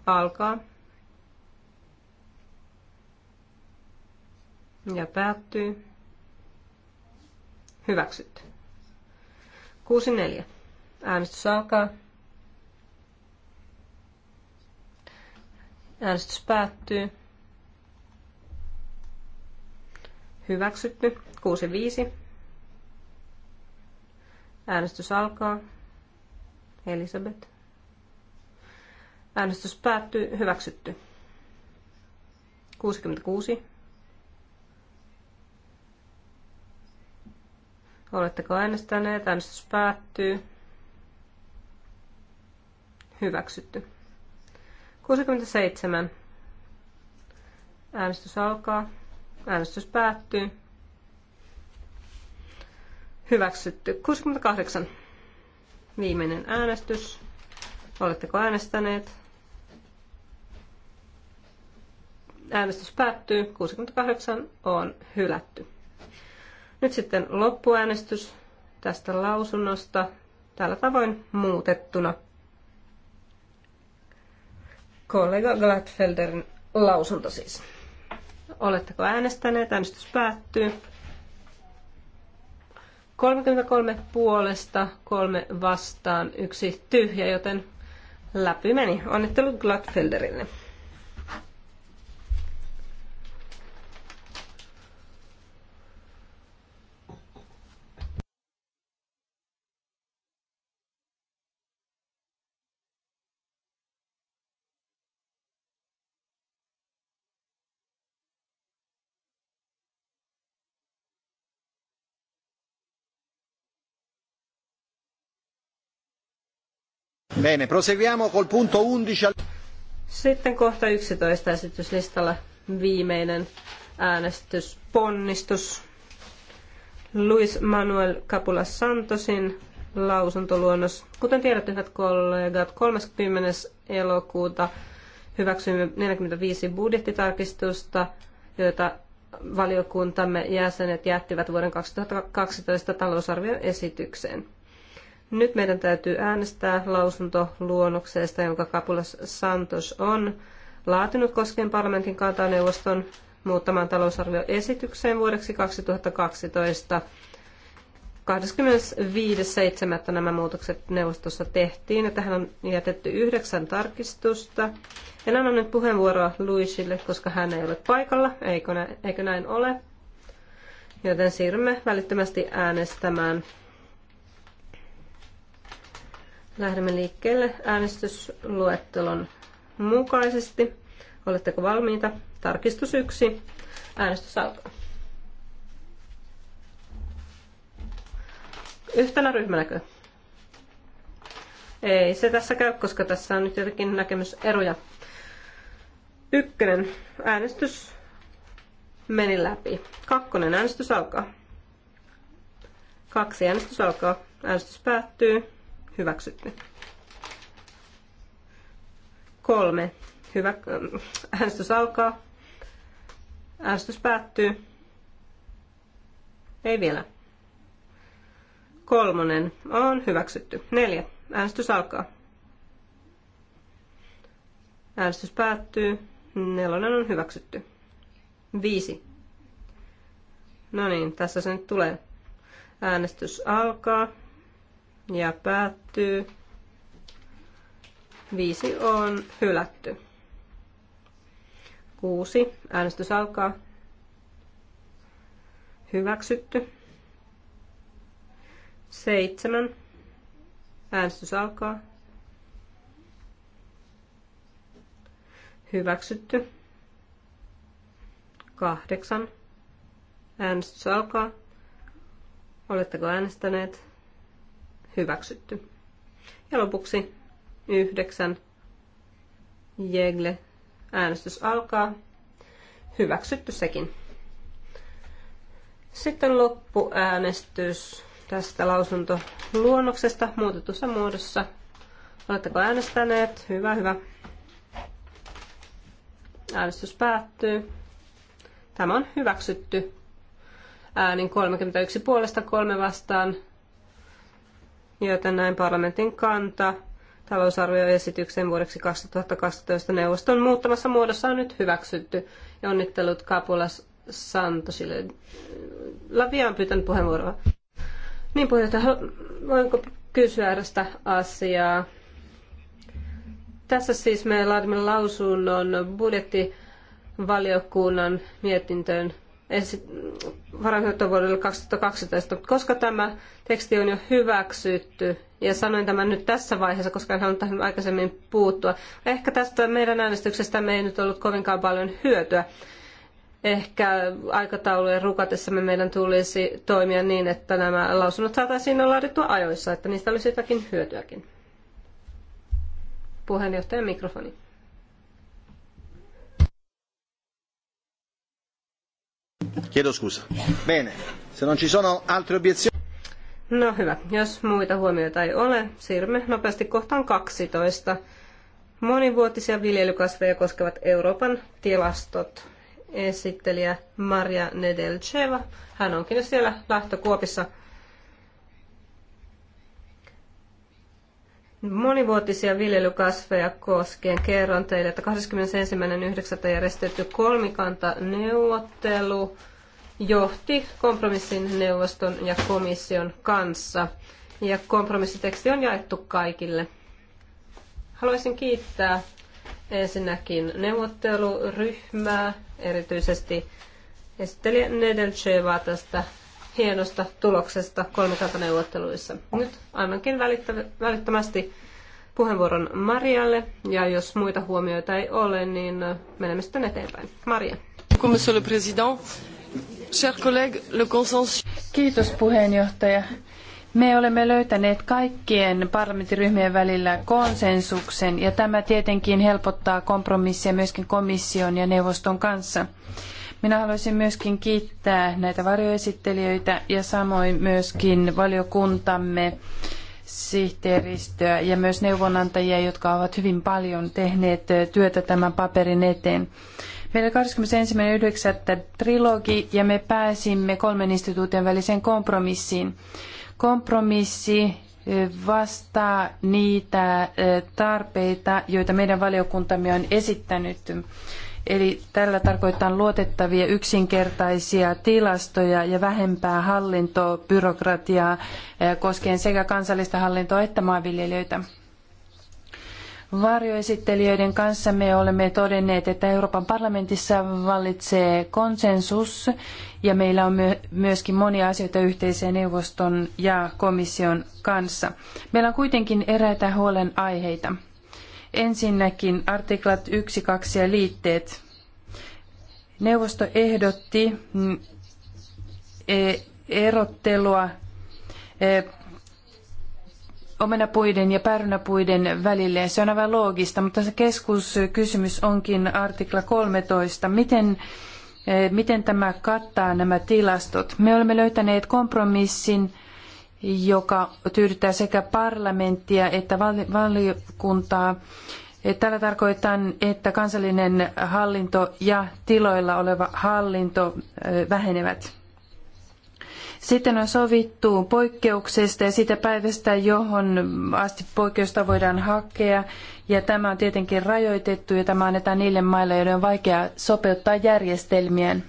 Alkaa. Ja päättyy. Hyväksytty. 6.4. Äänestys alkaa. Äänestys päättyy. Hyväksytty. 6.5. Äänestys alkaa. Elisabeth. Äänestys päättyy. Hyväksytty. 66. Oletteko äänestäneet? Äänestys päättyy. Hyväksytty. 67. Äänestys alkaa. Äänestys päättyy. Hyväksytty. 68. Viimeinen äänestys. Oletteko äänestäneet? Äänestys päättyy. 68 on hylätty. Nyt sitten loppuäänestys tästä lausunnosta tällä tavoin muutettuna. Kollega Gladfelderin lausunto siis. Oletteko äänestäneet? Äänestys päättyy. 33 puolesta, kolme vastaan, yksi tyhjä, joten läpi meni. Onnittelut Gladfelderille. Bene, proseguiamo col punto 11. Sitten kohta 11 esityslistalla viimeinen ponnistus. Luis Manuel Capula Santosin lausuntoluonnos. Kuten tiedätte, hyvät kollegat, 30. elokuuta hyväksyimme 45 budjettitarkistusta, joita valiokuntamme jäsenet jättivät vuoden 2012 talousarvioesitykseen. Nyt meidän täytyy äänestää lausuntoluonnoksesta, jonka Kapulas Santos on laatinut koskien parlamentin kantaneuvoston muuttamaan talousarvioesitykseen vuodeksi 2012. 25.7. nämä muutokset neuvostossa tehtiin ja tähän on jätetty yhdeksän tarkistusta. En anna nyt puheenvuoroa Luisille, koska hän ei ole paikalla, eikö näin, eikö näin ole? Joten siirrymme välittömästi äänestämään Lähdemme liikkeelle äänestysluettelon mukaisesti. Oletteko valmiita? Tarkistus 1. Äänestys alkaa. Yhtenä ryhmänäkö? Ei se tässä käy, koska tässä on nyt jotenkin näkemyseroja. Ykkönen äänestys meni läpi. Kakkonen äänestys alkaa. Kaksi äänestys alkaa. Äänestys päättyy. Hyväksytty. Kolme. Hyvä. Äänestys alkaa. Äänestys päättyy. Ei vielä. Kolmonen on hyväksytty. Neljä. Äänestys alkaa. Äänestys päättyy. Nelonen on hyväksytty. Viisi. No niin, tässä se nyt tulee. Äänestys alkaa ja päättyy. Viisi on hylätty. Kuusi. Äänestys alkaa. Hyväksytty. Seitsemän. Äänestys alkaa. Hyväksytty. Kahdeksan. Äänestys alkaa. Oletteko äänestäneet? hyväksytty. Ja lopuksi yhdeksän Jegle. Äänestys alkaa. Hyväksytty sekin. Sitten loppuäänestys tästä lausuntoluonnoksesta muutetussa muodossa. Oletteko äänestäneet? Hyvä, hyvä. Äänestys päättyy. Tämä on hyväksytty. Äänin 31 puolesta, kolme vastaan, joten näin parlamentin kanta talousarvioesityksen vuodeksi 2012 neuvoston muuttamassa muodossa on nyt hyväksytty. Ja onnittelut Kapulas Santosille. Lavia on pyytänyt puheenvuoroa. Niin puheenjohtaja, voinko kysyä tästä asiaa? Tässä siis me laadimme lausunnon budjettivaliokunnan mietintöön varainhoitovuodelle 2012, koska tämä teksti on jo hyväksytty, ja sanoin tämän nyt tässä vaiheessa, koska en halunnut tähän aikaisemmin puuttua. Ehkä tästä meidän äänestyksestä me ei nyt ollut kovinkaan paljon hyötyä. Ehkä aikataulujen rukatessamme meidän tulisi toimia niin, että nämä lausunnot saataisiin laadittua ajoissa, että niistä olisi jotakin hyötyäkin. Puheenjohtajan mikrofoni. Chiedo scusa. Bene, se non ci sono altre obiezioni... No hyvä, jos muita huomioita ei ole, siirrymme nopeasti kohtaan 12. Monivuotisia viljelykasveja koskevat Euroopan tilastot. Esittelijä Maria Nedelcheva. Hän onkin siellä lähtökuopissa. monivuotisia viljelykasveja koskien kerron teille, että 21.9. järjestetty neuvottelu johti kompromissin neuvoston ja komission kanssa. Ja kompromissiteksti on jaettu kaikille. Haluaisin kiittää ensinnäkin neuvotteluryhmää, erityisesti esittelijä Nedelcheva tästä hienosta tuloksesta kolmikantaneuvotteluissa. Nyt annankin välittömästi puheenvuoron Marialle, ja jos muita huomioita ei ole, niin menemme sitten eteenpäin. Maria. Monsieur le Président, chers collègues, le consensus... Kiitos puheenjohtaja. Me olemme löytäneet kaikkien parlamenttiryhmien välillä konsensuksen ja tämä tietenkin helpottaa kompromissia myöskin komission ja neuvoston kanssa. Minä haluaisin myöskin kiittää näitä varjoesittelijöitä ja samoin myöskin valiokuntamme sihteeristöä ja myös neuvonantajia, jotka ovat hyvin paljon tehneet työtä tämän paperin eteen. Meillä 21.9. trilogi ja me pääsimme kolmen instituution väliseen kompromissiin. Kompromissi e, vastaa niitä e, tarpeita, joita meidän valiokuntamme on esittänyt. Eli tällä tarkoitan luotettavia yksinkertaisia tilastoja ja vähempää hallintoa, byrokratiaa eh, koskien sekä kansallista hallintoa että maanviljelijöitä. Varjoesittelijöiden kanssa me olemme todenneet, että Euroopan parlamentissa vallitsee konsensus ja meillä on myöskin monia asioita yhteiseen neuvoston ja komission kanssa. Meillä on kuitenkin eräitä huolenaiheita. aiheita. Ensinnäkin artiklat 1, 2 ja liitteet. Neuvosto ehdotti e- erottelua e- omenapuiden ja päärynäpuiden välille. Se on aivan loogista, mutta se keskuskysymys onkin artikla 13. Miten, e- miten tämä kattaa nämä tilastot? Me olemme löytäneet kompromissin joka tyydyttää sekä parlamenttia että valiokuntaa. Tällä tarkoitan, että kansallinen hallinto ja tiloilla oleva hallinto vähenevät. Sitten on sovittu poikkeuksesta ja siitä päivästä, johon asti poikkeusta voidaan hakea. Ja tämä on tietenkin rajoitettu ja tämä annetaan niille maille, joiden on vaikea sopeuttaa järjestelmiään.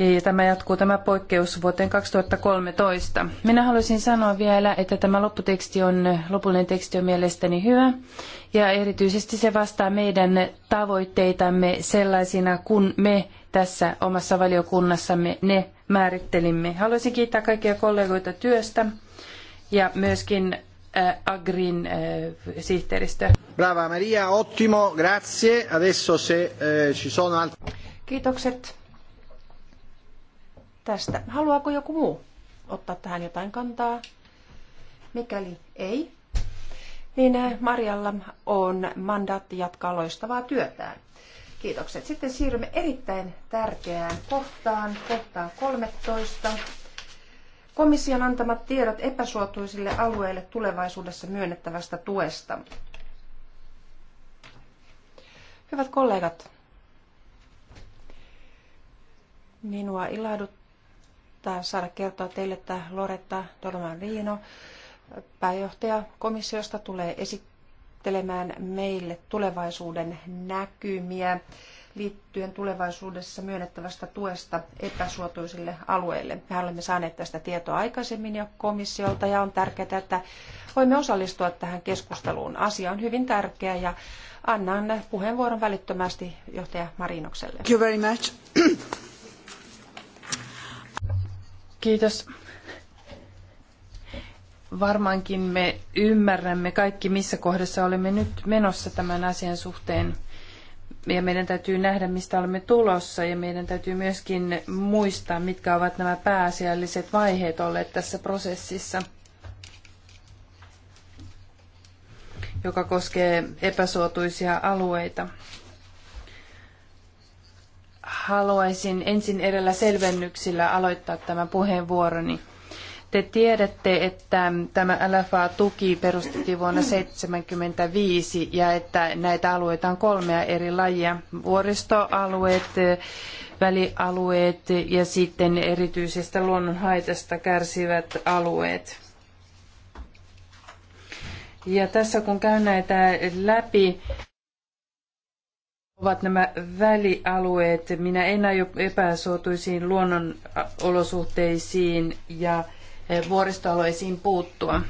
Ja tämä jatkuu tämä poikkeus vuoteen 2013. Minä haluaisin sanoa vielä, että tämä lopputeksti on, lopullinen teksti on mielestäni hyvä. Ja erityisesti se vastaa meidän tavoitteitamme sellaisina, kun me tässä omassa valiokunnassamme ne määrittelimme. Haluaisin kiittää kaikkia kollegoita työstä ja myöskin äh, Agrin äh, sihteeristö. Brava Maria, ottimo, grazie. Adesso se äh, ci sono altri... Kiitokset tästä. Haluaako joku muu ottaa tähän jotain kantaa? Mikäli ei, niin äh, Marjalla on mandaatti jatkaa loistavaa työtään. Kiitokset. Sitten siirrymme erittäin tärkeään kohtaan, kohtaan 13. Komission antamat tiedot epäsuotuisille alueille tulevaisuudessa myönnettävästä tuesta. Hyvät kollegat, minua ilahduttaa saattaa saada kertoa teille, että Loretta Riino, pääjohtaja komissiosta, tulee esittelemään meille tulevaisuuden näkymiä liittyen tulevaisuudessa myönnettävästä tuesta epäsuotuisille alueille. Me olemme saaneet tästä tietoa aikaisemmin jo komissiolta ja on tärkeää, että voimme osallistua tähän keskusteluun. Asia on hyvin tärkeä ja annan puheenvuoron välittömästi johtaja Marinokselle. Thank you very much. Kiitos. Varmaankin me ymmärrämme kaikki, missä kohdassa olemme nyt menossa tämän asian suhteen. Ja meidän täytyy nähdä, mistä olemme tulossa, ja meidän täytyy myöskin muistaa, mitkä ovat nämä pääasialliset vaiheet olleet tässä prosessissa. joka koskee epäsuotuisia alueita haluaisin ensin edellä selvennyksillä aloittaa tämän puheenvuoroni. Te tiedätte, että tämä LFA-tuki perustettiin vuonna 1975 ja että näitä alueita on kolmea eri lajia. Vuoristoalueet, välialueet ja sitten erityisestä luonnonhaitasta kärsivät alueet. Ja tässä kun käyn näitä läpi, ovat nämä välialueet. Minä en aio epäsuotuisiin luonnonolosuhteisiin ja eh, vuoristoalueisiin puuttua.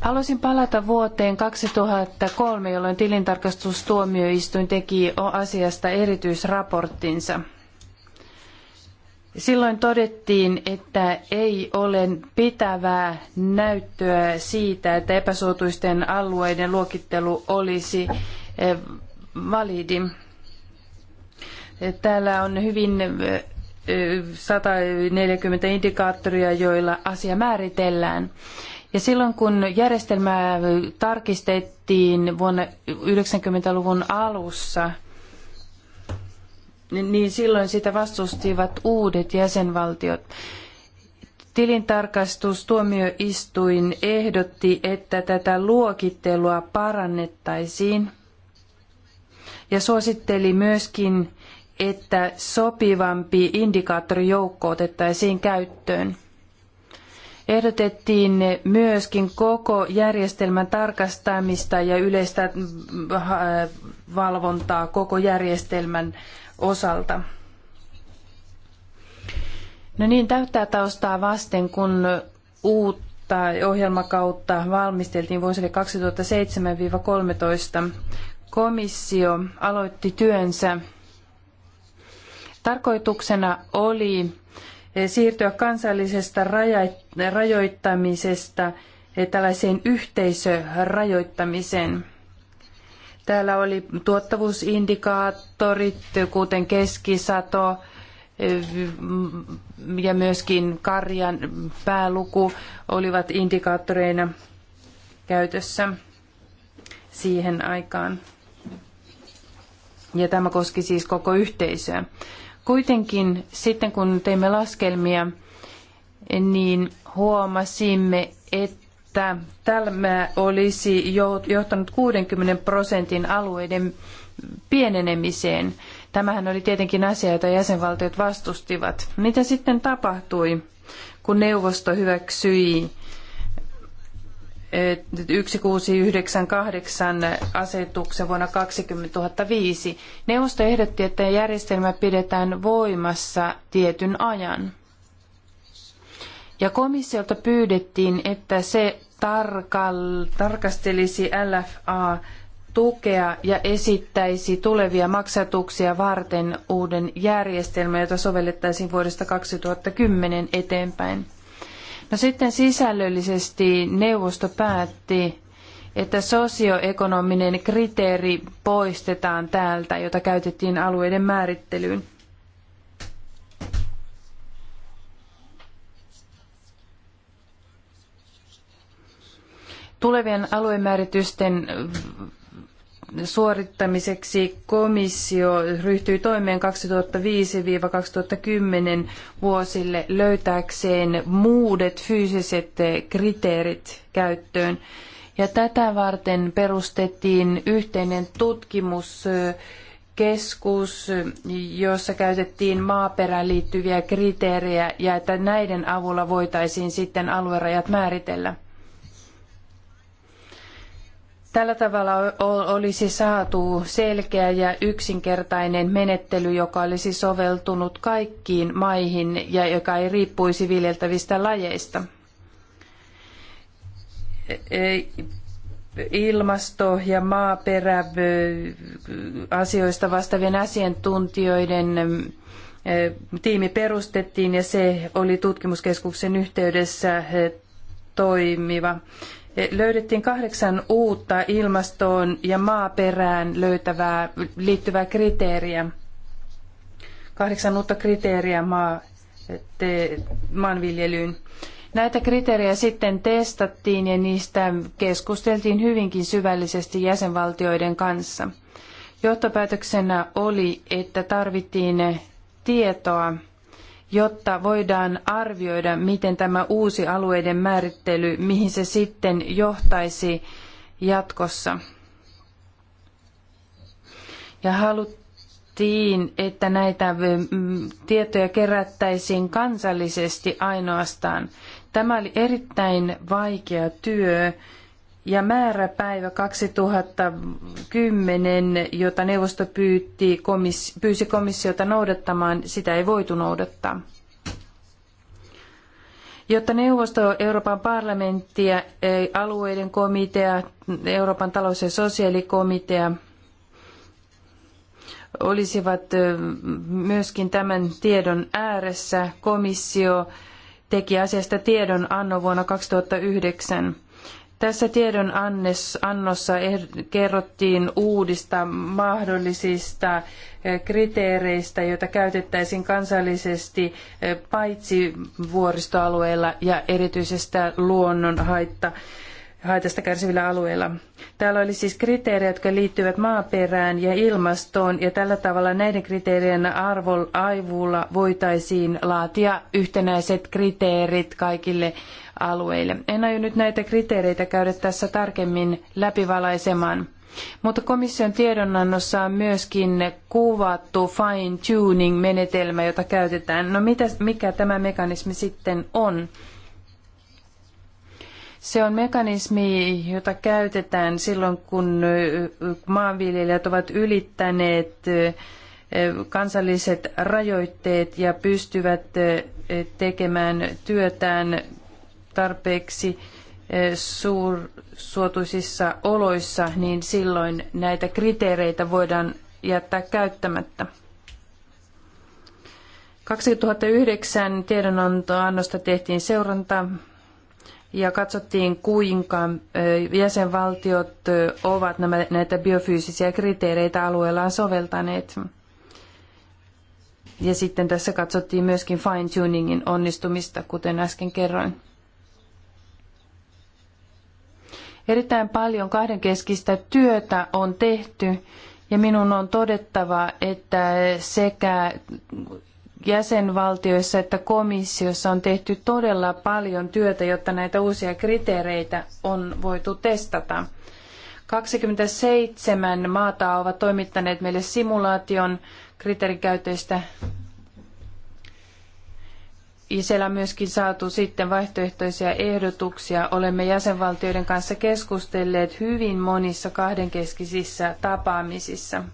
Haluaisin palata vuoteen 2003, jolloin tilintarkastustuomioistuin teki asiasta erityisraporttinsa. Silloin todettiin, että ei ole pitävää näyttöä siitä, että epäsuotuisten alueiden luokittelu olisi eh, validi. Täällä on hyvin 140 eh, indikaattoria, joilla asia määritellään. Ja silloin kun järjestelmää tarkistettiin vuonna 90-luvun alussa, niin silloin sitä vastustivat uudet jäsenvaltiot. Tilintarkastustuomioistuin ehdotti, että tätä luokittelua parannettaisiin ja suositteli myöskin, että sopivampi indikaattorijoukko otettaisiin käyttöön. Ehdotettiin myöskin koko järjestelmän tarkastamista ja yleistä mm, valvontaa koko järjestelmän osalta. No niin, täyttää taustaa vasten, kun uutta ohjelmakautta valmisteltiin vuosille 2007-2013. Komissio aloitti työnsä. Tarkoituksena oli eh, siirtyä kansallisesta rajoittamisesta eh, tällaiseen yhteisörajoittamiseen. Täällä oli tuottavuusindikaattorit, kuten keskisato mm, ja myöskin karjan pääluku olivat indikaattoreina käytössä siihen aikaan. Ja tämä koski siis koko yhteisöä. Kuitenkin sitten kun teimme laskelmia, niin huomasimme, että että tämä olisi johtanut 60 prosentin alueiden pienenemiseen. Tämähän oli tietenkin asia, jota jäsenvaltiot vastustivat. Mitä sitten tapahtui, kun neuvosto hyväksyi 1698 eh, asetuksen vuonna 2005? Neuvosto ehdotti, että järjestelmä pidetään voimassa tietyn ajan. Ja komissiolta pyydettiin, että se tarkal, tarkastelisi LFA-tukea ja esittäisi tulevia maksatuksia varten uuden järjestelmän, jota sovellettaisiin vuodesta 2010 eteenpäin. No sitten sisällöllisesti neuvosto päätti, että sosioekonominen kriteeri poistetaan täältä, jota käytettiin alueiden määrittelyyn. Tulevien aluemääritysten suorittamiseksi komissio ryhtyi toimeen 2005-2010 vuosille löytääkseen muudet fyysiset kriteerit käyttöön. Ja tätä varten perustettiin yhteinen tutkimuskeskus, jossa käytettiin maaperään liittyviä kriteerejä ja että näiden avulla voitaisiin sitten aluerajat määritellä. Tällä tavalla olisi saatu selkeä ja yksinkertainen menettely, joka olisi soveltunut kaikkiin maihin ja joka ei riippuisi viljeltävistä lajeista. E-, e, ilmasto- ja maaperäasioista vastaavien asiantuntijoiden e, tiimi perustettiin ja se oli tutkimuskeskuksen yhteydessä toimiva löydettiin kahdeksan uutta ilmastoon ja maaperään löytävää, liittyvää kriteeriä. Kahdeksan uutta kriteeriä maa, te, maanviljelyyn. Näitä kriteerejä sitten testattiin ja niistä keskusteltiin hyvinkin syvällisesti jäsenvaltioiden kanssa. Johtopäätöksenä oli, että tarvittiin tietoa jotta voidaan arvioida, miten tämä uusi alueiden määrittely, mihin se sitten johtaisi jatkossa. Ja haluttiin, että näitä mm, tietoja kerättäisiin kansallisesti ainoastaan. Tämä oli erittäin vaikea työ ja määräpäivä 2010, jota neuvosto pyytti, pyysi komissiota noudattamaan, sitä ei voitu noudattaa. Jotta neuvosto, Euroopan parlamentti ja eh, alueiden komitea, Euroopan talous- ja sosiaalikomitea olisivat eh, myöskin tämän tiedon ääressä, komissio teki asiasta tiedon anno vuonna 2009. Tässä tiedon annossa er, kerrottiin uudista mahdollisista eh, kriteereistä, joita käytettäisiin kansallisesti eh, paitsi vuoristoalueilla ja erityisesti luonnonhaitta haitasta kärsivillä alueilla. Täällä oli siis kriteerejä, jotka liittyvät maaperään ja ilmastoon, ja tällä tavalla näiden kriteerien arvon aivulla voitaisiin laatia yhtenäiset kriteerit kaikille alueille. En aio nyt näitä kriteereitä käydä tässä tarkemmin läpivalaisemaan. Mutta komission tiedonannossa on myöskin kuvattu fine-tuning-menetelmä, jota käytetään. No mitä, mikä tämä mekanismi sitten on? Se on mekanismi, jota käytetään silloin, kun maanviljelijät ovat ylittäneet kansalliset rajoitteet ja pystyvät tekemään työtään tarpeeksi eh, suur, suotuisissa oloissa, niin silloin näitä kriteereitä voidaan jättää käyttämättä. 2009 tiedonantoannosta tehtiin seuranta ja katsottiin, kuinka eh, jäsenvaltiot eh, ovat nämä, näitä biofyysisiä kriteereitä alueellaan soveltaneet. Ja sitten tässä katsottiin myöskin fine-tuningin onnistumista, kuten äsken kerroin. Erittäin paljon kahdenkeskistä työtä on tehty ja minun on todettava, että sekä jäsenvaltioissa että komissiossa on tehty todella paljon työtä, jotta näitä uusia kriteereitä on voitu testata. 27 maata ovat toimittaneet meille simulaation kriteerikäytöistä siellä on myöskin saatu sitten vaihtoehtoisia ehdotuksia. Olemme jäsenvaltioiden kanssa keskustelleet hyvin monissa kahdenkeskisissä tapaamisissa.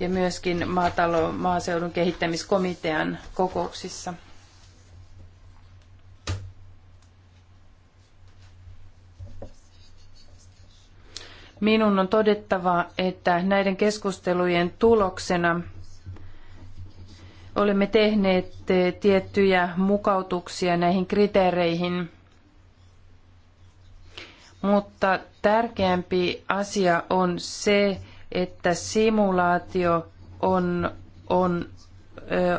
Ja myöskin maatalo, maaseudun kehittämiskomitean kokouksissa. Minun on todettava, että näiden keskustelujen tuloksena – Olemme tehneet eh, tiettyjä mukautuksia näihin kriteereihin, mutta tärkeämpi asia on se, että simulaatio on, on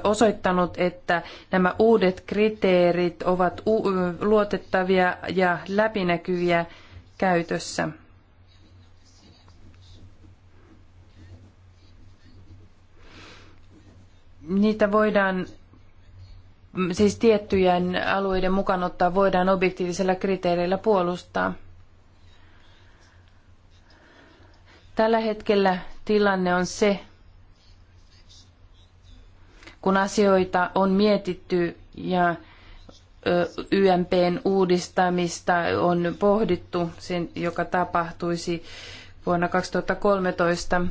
osoittanut, että nämä uudet kriteerit ovat luotettavia ja läpinäkyviä käytössä. niitä voidaan, siis tiettyjen alueiden mukaan ottaa voidaan objektiivisella kriteereillä puolustaa. Tällä hetkellä tilanne on se, kun asioita on mietitty ja YMPn uudistamista on pohdittu, sen, joka tapahtuisi vuonna 2013,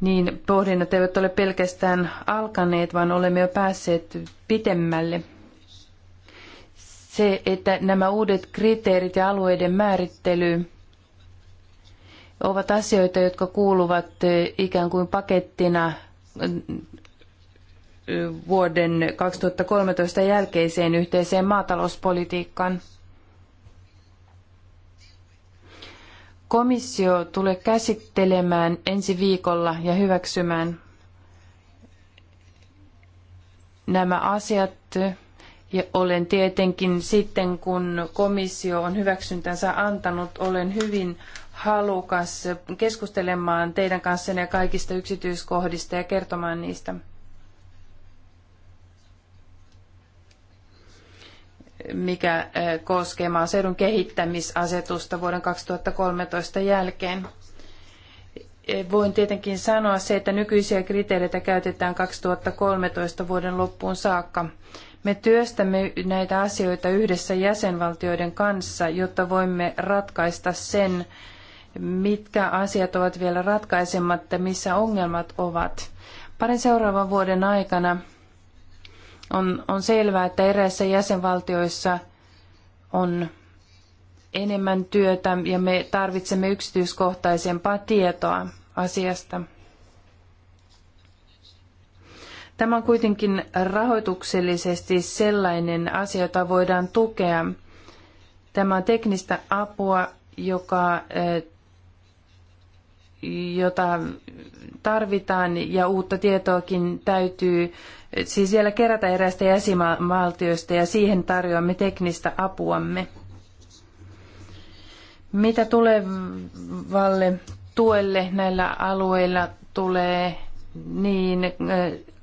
niin pohdinnat eivät ole pelkästään alkaneet, vaan olemme jo päässeet pitemmälle. Se, että nämä uudet kriteerit ja alueiden määrittely ovat asioita, jotka kuuluvat e, ikään kuin pakettina e, vuoden 2013 jälkeiseen yhteiseen maatalouspolitiikkaan. komissio tulee käsittelemään ensi viikolla ja hyväksymään nämä asiat. Ja olen tietenkin sitten, kun komissio on hyväksyntänsä antanut, olen hyvin halukas keskustelemaan teidän kanssanne kaikista yksityiskohdista ja kertomaan niistä. mikä koskee maaseudun kehittämisasetusta vuoden 2013 jälkeen. E, voin tietenkin sanoa se, että nykyisiä kriteereitä käytetään 2013 vuoden loppuun saakka. Me työstämme näitä asioita yhdessä jäsenvaltioiden kanssa, jotta voimme ratkaista sen, mitkä asiat ovat vielä ratkaisematta, missä ongelmat ovat. Parin seuraavan vuoden aikana on, on selvää, että eräissä jäsenvaltioissa on enemmän työtä ja me tarvitsemme yksityiskohtaisempaa tietoa asiasta. Tämä on kuitenkin rahoituksellisesti sellainen asia, jota voidaan tukea. Tämä on teknistä apua, joka eh, jota tarvitaan ja uutta tietoakin täytyy siis vielä kerätä erästä jäsenvaltioista ja siihen tarjoamme teknistä apuamme. Mitä tulevalle tuelle näillä alueilla tulee, niin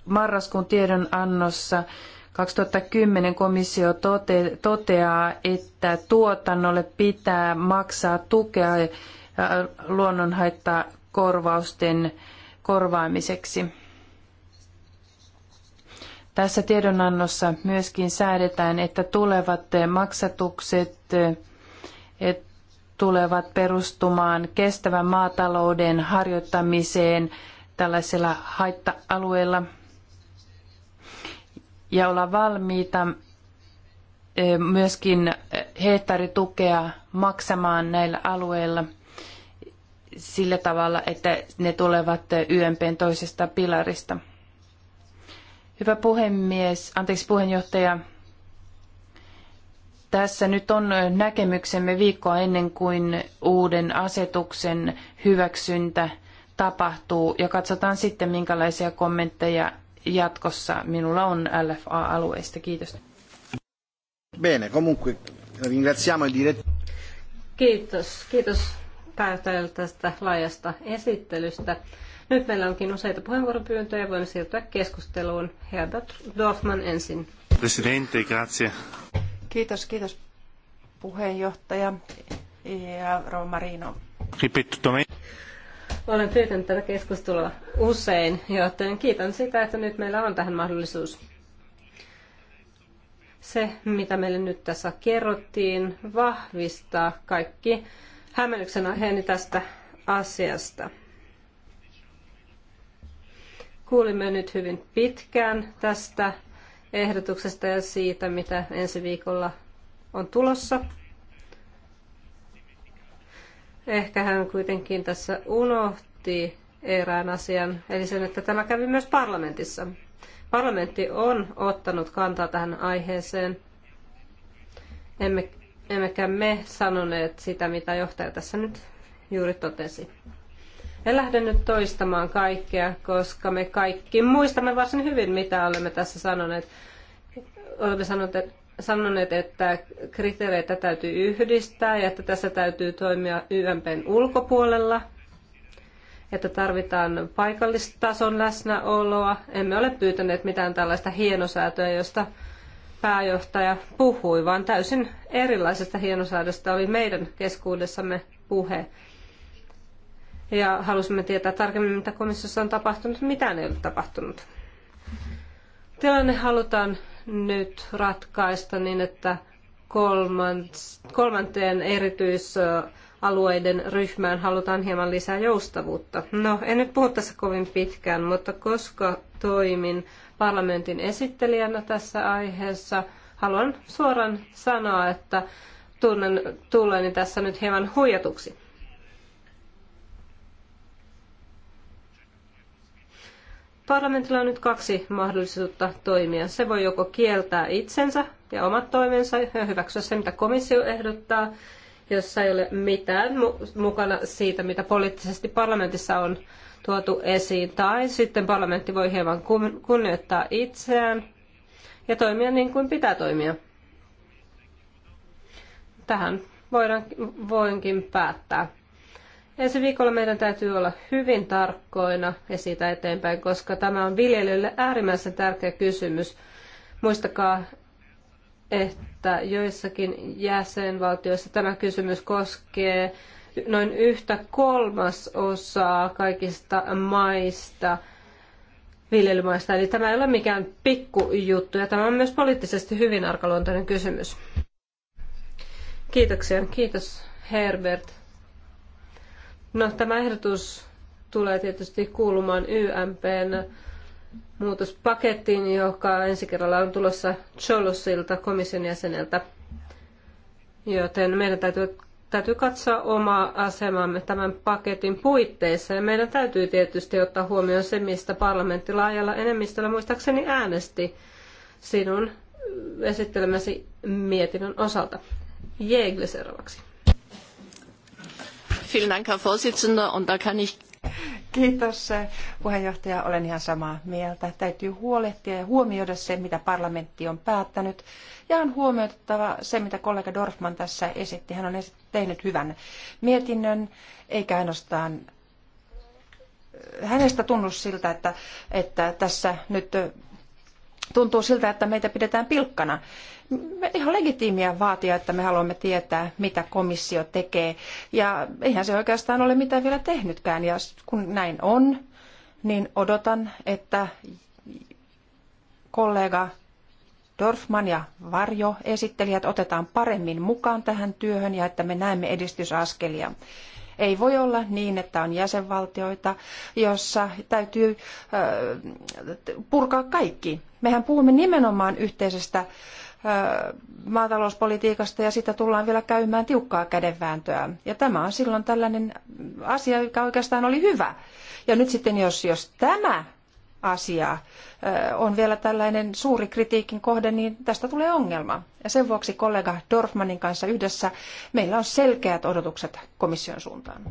marraskuun tiedonannossa 2010 komissio toteaa, että tuotannolle pitää maksaa tukea luonnonhaittaa korvausten korvaamiseksi. Tässä tiedonannossa myöskin säädetään, että tulevat maksatukset tulevat perustumaan kestävän maatalouden harjoittamiseen tällaisella haitta-alueella ja olla valmiita eh, myöskin eh, hehtaaritukea maksamaan näillä alueilla – sillä tavalla, että ne tulevat YMPn toisesta pilarista. Hyvä puhemies, anteeksi puheenjohtaja. Tässä nyt on näkemyksemme viikkoa ennen kuin uuden asetuksen hyväksyntä tapahtuu ja katsotaan sitten minkälaisia kommentteja jatkossa minulla on LFA-alueista. Kiitos. Bene, comunque ringraziamo il direttore. Kiitos, kiitos päätellä tästä laajasta esittelystä. Nyt meillä onkin useita puheenvuoropyyntöjä. Voimme siirtyä keskusteluun. Herbert Dorfman ensin. Presidente, grazie. Kiitos, kiitos puheenjohtaja ja Rova Marino. Olen pyytänyt tätä keskustelua usein, joten kiitän sitä, että nyt meillä on tähän mahdollisuus. Se, mitä meille nyt tässä kerrottiin, vahvistaa kaikki hämmennyksen aiheeni tästä asiasta. Kuulimme nyt hyvin pitkään tästä ehdotuksesta ja siitä, mitä ensi viikolla on tulossa. Ehkä hän kuitenkin tässä unohti erään asian, eli sen, että tämä kävi myös parlamentissa. Parlamentti on ottanut kantaa tähän aiheeseen. Emme emmekä me sanoneet sitä, mitä johtaja tässä nyt juuri totesi. En lähde nyt toistamaan kaikkea, koska me kaikki muistamme varsin hyvin, mitä olemme tässä sanoneet. Olemme sanoneet, sanoneet että kriteereitä täytyy yhdistää ja että tässä täytyy toimia YMPn ulkopuolella, että tarvitaan paikallistason läsnäoloa. Emme ole pyytäneet mitään tällaista hienosäätöä, josta pääjohtaja puhui, vaan täysin erilaisesta hienosäädöstä oli meidän keskuudessamme puhe. Ja halusimme tietää tarkemmin, mitä komissiossa on tapahtunut, mitä ei ole tapahtunut. Tilanne halutaan nyt ratkaista niin, että kolmanteen erityisalueiden ryhmään halutaan hieman lisää joustavuutta. No, en nyt puhu tässä kovin pitkään, mutta koska toimin parlamentin esittelijänä tässä aiheessa haluan suoraan sanoa, että tunnen tulleeni tässä nyt hieman huijatuksi. Parlamentilla on nyt kaksi mahdollisuutta toimia. Se voi joko kieltää itsensä ja omat toimensa ja hyväksyä se, mitä komissio ehdottaa, jossa ei ole mitään mukana siitä, mitä poliittisesti parlamentissa on tuotu esiin, tai sitten parlamentti voi hieman kunnioittaa itseään ja toimia niin kuin pitää toimia. Tähän voidaan, voinkin päättää. Ensi viikolla meidän täytyy olla hyvin tarkkoina ja siitä eteenpäin, koska tämä on viljelijöille äärimmäisen tärkeä kysymys. Muistakaa, että joissakin jäsenvaltioissa tämä kysymys koskee noin yhtä kolmasosaa kaikista maista, viljelymaista. Eli tämä ei ole mikään pikkujuttu ja tämä on myös poliittisesti hyvin arkaluontoinen kysymys. Kiitoksia. Kiitos Herbert. No, tämä ehdotus tulee tietysti kuulumaan YMPn muutospakettiin, joka ensi kerralla on tulossa Cholosilta komission jäseneltä. Joten meidän täytyy täytyy katsoa omaa asemamme tämän paketin puitteissa. Ja meidän täytyy tietysti ottaa huomioon se, mistä parlamentti laajalla enemmistöllä muistaakseni äänesti sinun esittelemäsi mietinnön osalta. Jeegle seuraavaksi. Vielen Dank, Herr Vorsitzender, und da kann ich Kiitos puheenjohtaja, olen ihan samaa mieltä. Täytyy huolehtia ja huomioida se, mitä parlamentti on päättänyt. Ja on huomioitava se, mitä kollega Dorfman tässä esitti. Hän on tehnyt hyvän mietinnön, eikä ainoastaan hänestä tunnu siltä, että, että tässä nyt tuntuu siltä, että meitä pidetään pilkkana ihan legitiimiä vaatia, että me haluamme tietää, mitä komissio tekee. Ja eihän se oikeastaan ole mitään vielä tehnytkään. Ja kun näin on, niin odotan, että kollega Dorfman ja Varjo esittelijät otetaan paremmin mukaan tähän työhön ja että me näemme edistysaskelia. Ei voi olla niin, että on jäsenvaltioita, jossa täytyy purkaa kaikki. Mehän puhumme nimenomaan yhteisestä maatalouspolitiikasta ja sitä tullaan vielä käymään tiukkaa kädenvääntöä. Ja tämä on silloin tällainen asia, joka oikeastaan oli hyvä. Ja nyt sitten, jos, jos tämä asia on vielä tällainen suuri kritiikin kohde, niin tästä tulee ongelma. Ja sen vuoksi kollega Dorfmanin kanssa yhdessä meillä on selkeät odotukset komission suuntaan.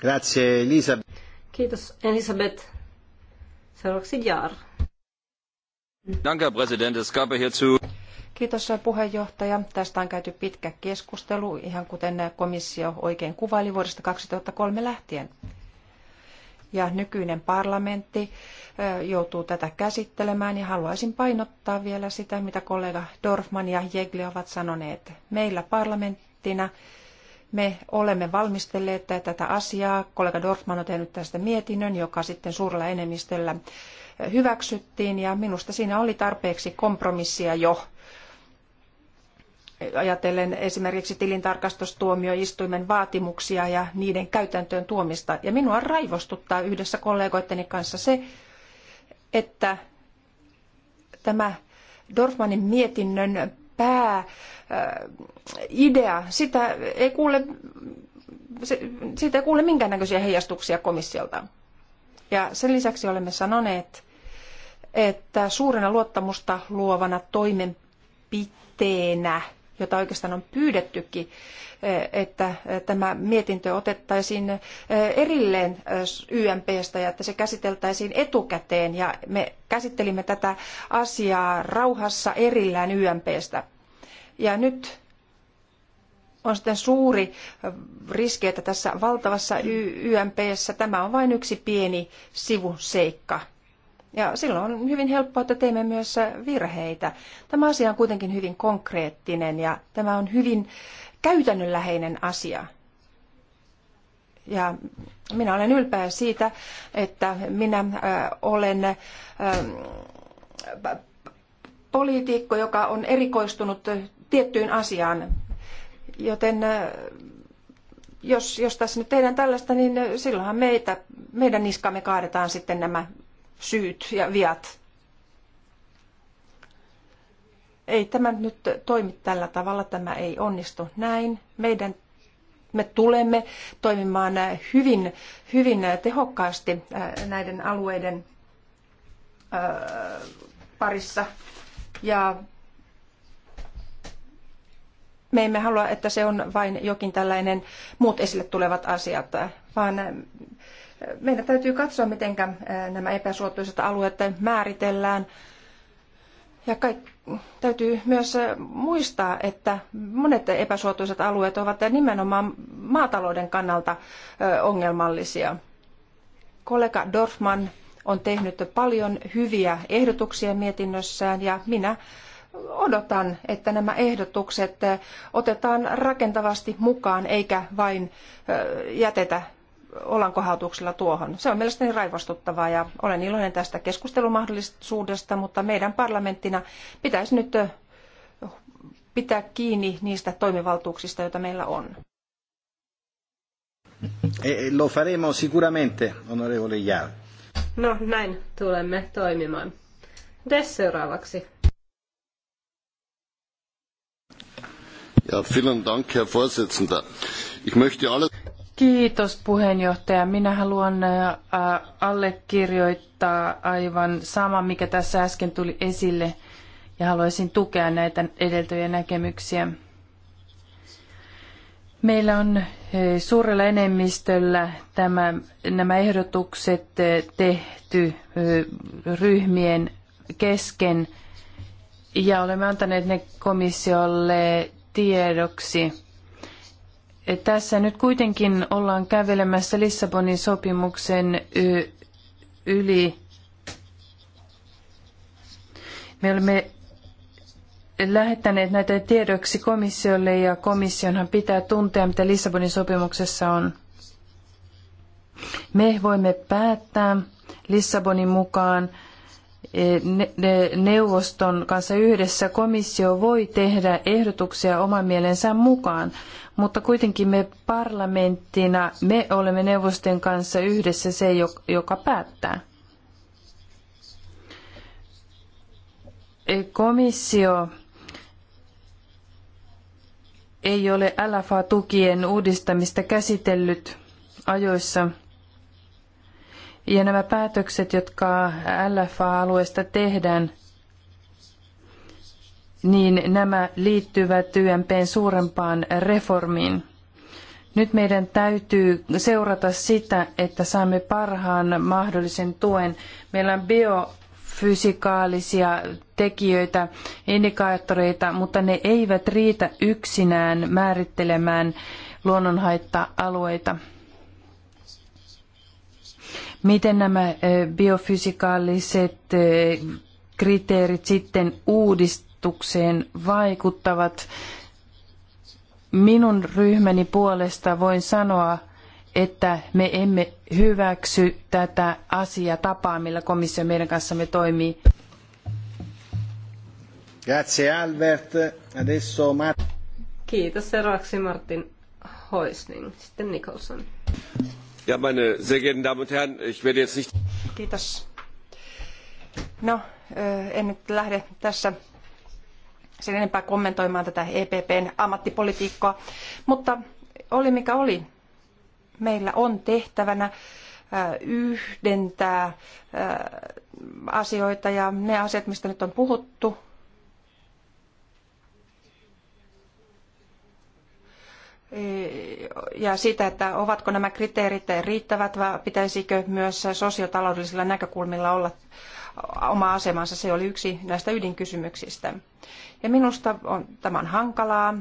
Grazie, Elisabeth. Kiitos, Elisabeth. Seuraavaksi Jaar herr präsident! Kiitos Tästä on käyty pitkä keskustelu, ihan kuten komissio oikein kuvaili vuodesta 2003 lähtien. Ja nykyinen parlamentti joutuu tätä käsittelemään ja haluaisin painottaa vielä sitä, mitä kollega Dorfman ja jeggle ovat sanoneet. Meillä parlamenttina me olemme valmistelleet tätä asiaa. Kollega Dorfman on tehnyt tästä mietinnön, joka sitten suurella enemmistöllä hyväksyttiin ja minusta siinä oli tarpeeksi kompromissia jo ajatellen esimerkiksi tilintarkastustuomioistuimen vaatimuksia ja niiden käytäntöön tuomista. Ja minua raivostuttaa yhdessä kollegoitteni kanssa se, että tämä Dorfmanin mietinnön pääidea, sitä ei kuule, siitä ei kuule minkäännäköisiä heijastuksia komissiolta. Ja sen lisäksi olemme sanoneet, että suurena luottamusta luovana toimenpiteenä, jota oikeastaan on pyydettykin, eh, että eh, tämä mietintö otettaisiin eh, erilleen YMPstä ja että se käsiteltäisiin etukäteen. Ja me käsittelimme tätä asiaa rauhassa erillään YMPstä. Ja nyt on sitten suuri riski, että tässä valtavassa YMPssä tämä on vain yksi pieni sivuseikka – ja silloin on hyvin helppoa, että teemme myös virheitä. Tämä asia on kuitenkin hyvin konkreettinen ja tämä on hyvin käytännönläheinen asia. Ja minä olen ylpeä siitä, että minä olen äh, poliitikko, joka on erikoistunut tiettyyn asiaan. Joten jos, jos tässä nyt tehdään tällaista, niin silloinhan meitä, meidän niskamme kaadetaan sitten nämä syyt ja viat. Ei tämä nyt toimi tällä tavalla, tämä ei onnistu näin. Meidän me tulemme toimimaan hyvin, hyvin tehokkaasti äh, näiden alueiden äh, parissa. Ja me emme halua, että se on vain jokin tällainen muut esille tulevat asiat, vaan meidän täytyy katsoa, miten nämä epäsuotuisat alueet määritellään. Ja kaikki, täytyy myös muistaa, että monet epäsuotuisat alueet ovat nimenomaan maatalouden kannalta ongelmallisia. Kollega Dorfman on tehnyt paljon hyviä ehdotuksia mietinnössään ja minä odotan, että nämä ehdotukset otetaan rakentavasti mukaan eikä vain jätetä olankohautuksella tuohon. Se on mielestäni raivostuttavaa ja olen iloinen tästä keskustelumahdollisuudesta, mutta meidän parlamenttina pitäisi nyt pitää kiinni niistä toimivaltuuksista, joita meillä on. E, e, lo faremo sicuramente, onorevole Jär. No näin tulemme toimimaan. Des seuraavaksi. Ja, vielen Dank, Herr Vorsitzender. Ich möchte alle... Kiitos puheenjohtaja. Minä haluan äh, allekirjoittaa aivan sama, mikä tässä äsken tuli esille, ja haluaisin tukea näitä edeltäjien näkemyksiä. Meillä on äh, suurella enemmistöllä tämä, nämä ehdotukset äh, tehty ryhmien kesken ja olemme antaneet ne komissiolle tiedoksi. Tässä nyt kuitenkin ollaan kävelemässä Lissabonin sopimuksen yli. Me olemme lähettäneet näitä tiedoksi komissiolle ja komissionhan pitää tuntea, mitä Lissabonin sopimuksessa on. Me voimme päättää Lissabonin mukaan e, neuvoston kanssa yhdessä komissio voi tehdä ehdotuksia oman mielensä mukaan, mutta kuitenkin me parlamenttina, me olemme neuvosten kanssa yhdessä se, joka päättää. Komissio ei ole LFA-tukien uudistamista käsitellyt ajoissa. Ja nämä päätökset, jotka LFA-alueesta tehdään – niin nämä liittyvät YMPn suurempaan reformiin. Nyt meidän täytyy seurata sitä, että saamme parhaan mahdollisen tuen. Meillä on biofysikaalisia tekijöitä, indikaattoreita, mutta ne eivät riitä yksinään määrittelemään luonnonhaitta-alueita. Miten nämä biofysikaaliset kriteerit sitten uudist, kalastukseen vaikuttavat. Minun ryhmäni puolesta voin sanoa, että me emme hyväksy tätä asiatapaa, millä komissio meidän kanssamme toimii. Grazie Albert. Adesso Mart... Kiitos seuraavaksi Martin Häusling, sitten Nicholson. Ja meine sehr geehrten Damen und Herren, ich werde jetzt nicht... Kiitos. No, en nyt lähde tässä sen enempää kommentoimaan tätä EPPn ammattipolitiikkaa, mutta oli mikä oli, meillä on tehtävänä äh, yhdentää äh, asioita ja ne asiat, mistä nyt on puhuttu, ja sitä, että ovatko nämä kriteerit riittävät vai pitäisikö myös sosiotaloudellisilla näkökulmilla olla oma asemansa. Se oli yksi näistä ydinkysymyksistä. Ja minusta on, tämä on hankalaa.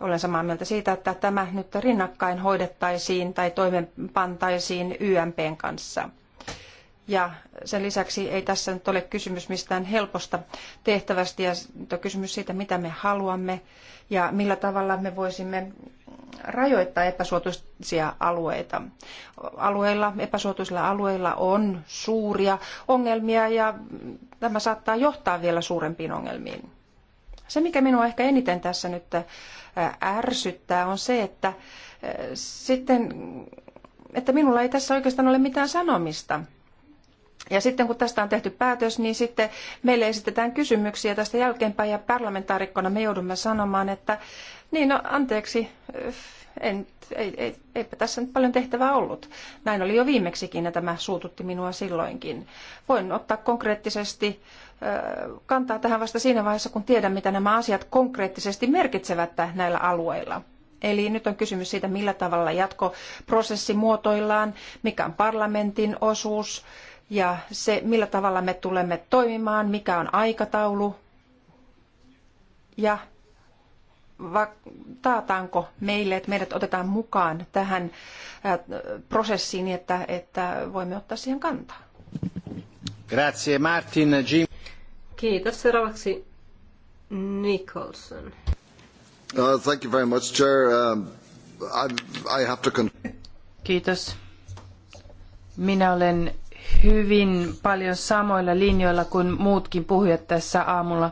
Olen samaa mieltä siitä, että tämä nyt rinnakkain hoidettaisiin tai toimenpantaisiin YMPn kanssa. Ja sen lisäksi ei tässä nyt ole kysymys mistään helposta tehtävästä ja nyt on kysymys siitä, mitä me haluamme ja millä tavalla me voisimme rajoittaa epäsuotuisia alueita. Alueilla, epäsuotuisilla alueilla on suuria ongelmia ja tämä saattaa johtaa vielä suurempiin ongelmiin. Se, mikä minua ehkä eniten tässä nyt äh, ärsyttää, on se, että äh, sitten että minulla ei tässä oikeastaan ole mitään sanomista. Ja sitten kun tästä on tehty päätös, niin sitten meille esitetään kysymyksiä tästä jälkeenpäin ja parlamentaarikkona me joudumme sanomaan, että niin no anteeksi, en, ei, ei, eipä tässä nyt paljon tehtävää ollut. Näin oli jo viimeksikin ja tämä suututti minua silloinkin. Voin ottaa konkreettisesti kantaa tähän vasta siinä vaiheessa, kun tiedän, mitä nämä asiat konkreettisesti merkitsevät näillä alueilla. Eli nyt on kysymys siitä, millä tavalla jatkoprosessi muotoillaan, mikä on parlamentin osuus, ja se, millä tavalla me tulemme toimimaan, mikä on aikataulu ja taataanko meille, että meidät otetaan mukaan tähän prosessiin, niin että, että voimme ottaa siihen kantaa. Grazie Martin. Jim. Kiitos. Seuraavaksi Nicholson. Uh, thank you very much, Chair. Um, I, I have to... con. Kiitos. Minä olen hyvin paljon samoilla linjoilla kuin muutkin puhujat tässä aamulla.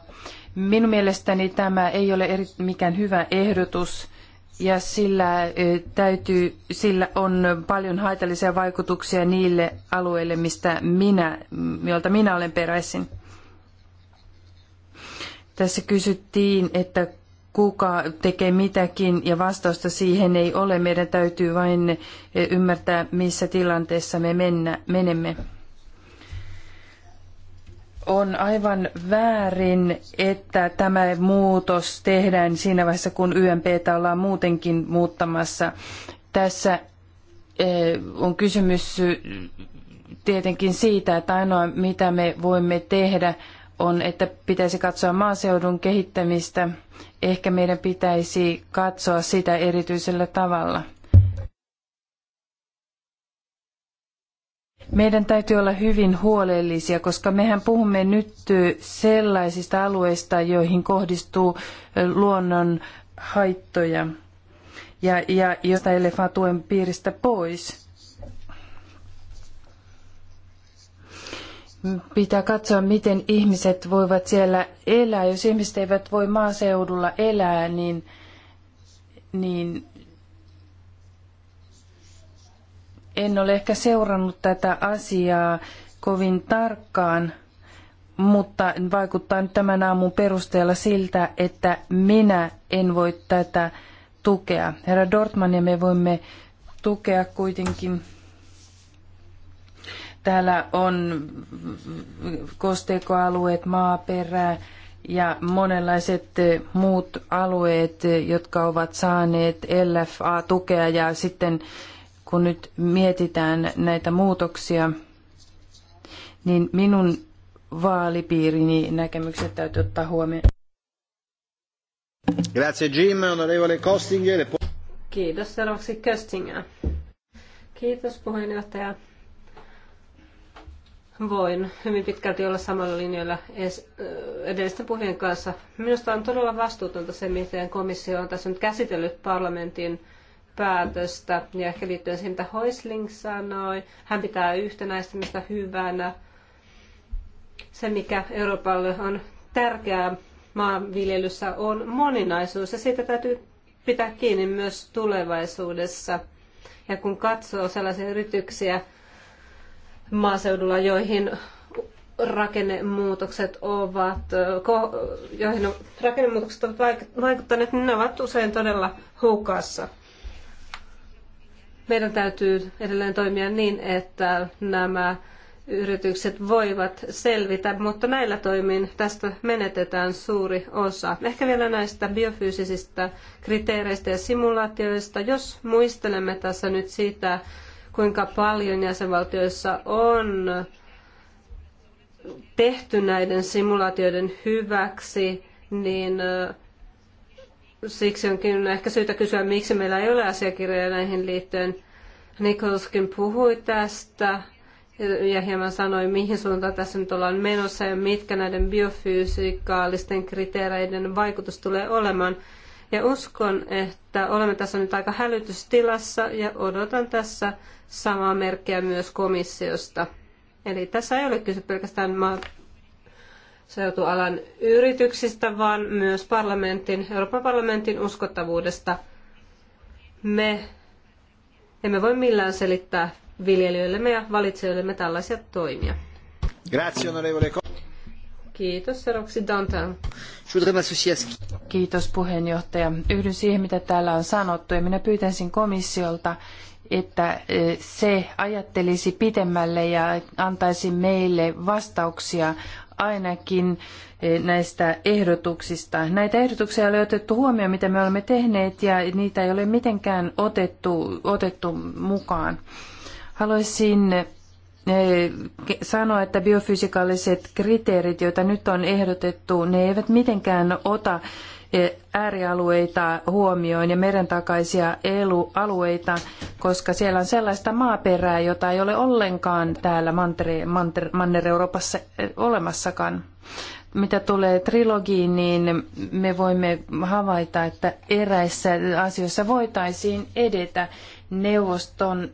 Minun mielestäni tämä ei ole eri, mikään hyvä ehdotus ja sillä, täytyy, sillä on paljon haitallisia vaikutuksia niille alueille, mistä minä, joilta minä olen peräisin. Tässä kysyttiin, että kuka tekee mitäkin ja vastausta siihen ei ole. Meidän täytyy vain eh, ymmärtää, missä tilanteessa me mennä, menemme. On aivan väärin, että tämä muutos tehdään siinä vaiheessa, kun YMPtä ollaan muutenkin muuttamassa. Tässä eh, on kysymys eh, tietenkin siitä, että ainoa mitä me voimme tehdä on, että pitäisi katsoa maaseudun kehittämistä ehkä meidän pitäisi katsoa sitä erityisellä tavalla. Meidän täytyy olla hyvin huolellisia, koska mehän puhumme nyt sellaisista alueista, joihin kohdistuu luonnon haittoja ja, ja josta elefaa tuen piiristä pois. Pitää katsoa, miten ihmiset voivat siellä elää. Jos ihmiset eivät voi maaseudulla elää, niin, niin en ole ehkä seurannut tätä asiaa kovin tarkkaan, mutta vaikuttaa nyt tämän aamun perusteella siltä, että minä en voi tätä tukea. Herra Dortman ja me voimme tukea kuitenkin Täällä on kosteikoalueet, maaperä ja monenlaiset muut alueet, jotka ovat saaneet LFA-tukea ja sitten kun nyt mietitään näitä muutoksia, niin minun vaalipiirini näkemykset täytyy ottaa huomioon. Grazie Jim, onorevole Kostinger. Kiitos seuraavaksi Köstinger. Kiitos puheenjohtaja voin hyvin pitkälti olla samalla linjalla edellisten puheen kanssa. Minusta on todella vastuutonta se, miten komissio on tässä nyt käsitellyt parlamentin päätöstä. Ja ehkä liittyen siihen, mitä Hoisling sanoi, hän pitää yhtenäistämistä hyvänä. Se, mikä Euroopalle on tärkeää maanviljelyssä, on moninaisuus ja siitä täytyy pitää kiinni myös tulevaisuudessa. Ja kun katsoo sellaisia yrityksiä, maaseudulla, joihin rakennemuutokset ovat, joihin rakennemuutokset ovat vaikuttaneet, niin ne ovat usein todella hukassa. Meidän täytyy edelleen toimia niin, että nämä yritykset voivat selvitä, mutta näillä toimin tästä menetetään suuri osa. Ehkä vielä näistä biofyysisistä kriteereistä ja simulaatioista. Jos muistelemme tässä nyt sitä, kuinka paljon jäsenvaltioissa on tehty näiden simulaatioiden hyväksi, niin äh, siksi onkin ehkä syytä kysyä, miksi meillä ei ole asiakirjoja näihin liittyen. Nikolskin puhui tästä ja hieman sanoi, mihin suuntaan tässä nyt ollaan menossa ja mitkä näiden biofysikaalisten kriteereiden vaikutus tulee olemaan. Ja uskon, että olemme tässä nyt aika hälytystilassa ja odotan tässä samaa merkkiä myös komissiosta. Eli tässä ei ole kyse pelkästään maaseutualan yrityksistä, vaan myös parlamentin, Euroopan parlamentin uskottavuudesta. Me emme voi millään selittää viljelijöillemme ja valitsijoillemme tällaisia toimia. Grazie, onorevole. Kiitos. Seuraavaksi Dantan. Kiitos puheenjohtaja. Yhdyn siihen, mitä täällä on sanottu ja minä pyytäisin komissiolta, että e, se ajattelisi pitemmälle ja antaisi meille vastauksia ainakin e, näistä ehdotuksista. Näitä ehdotuksia ei ole otettu huomioon, mitä me olemme tehneet, ja niitä ei ole mitenkään otettu, otettu mukaan. Haluaisin Eh, sanoa, että biofysikaaliset kriteerit, joita nyt on ehdotettu, ne eivät mitenkään ota eh, äärialueita huomioon ja meren takaisia alueita, koska siellä on sellaista maaperää, jota ei ole ollenkaan täällä Manner-Euroopassa eh, olemassakaan. Mitä tulee trilogiin, niin me voimme havaita, että eräissä asioissa voitaisiin edetä neuvoston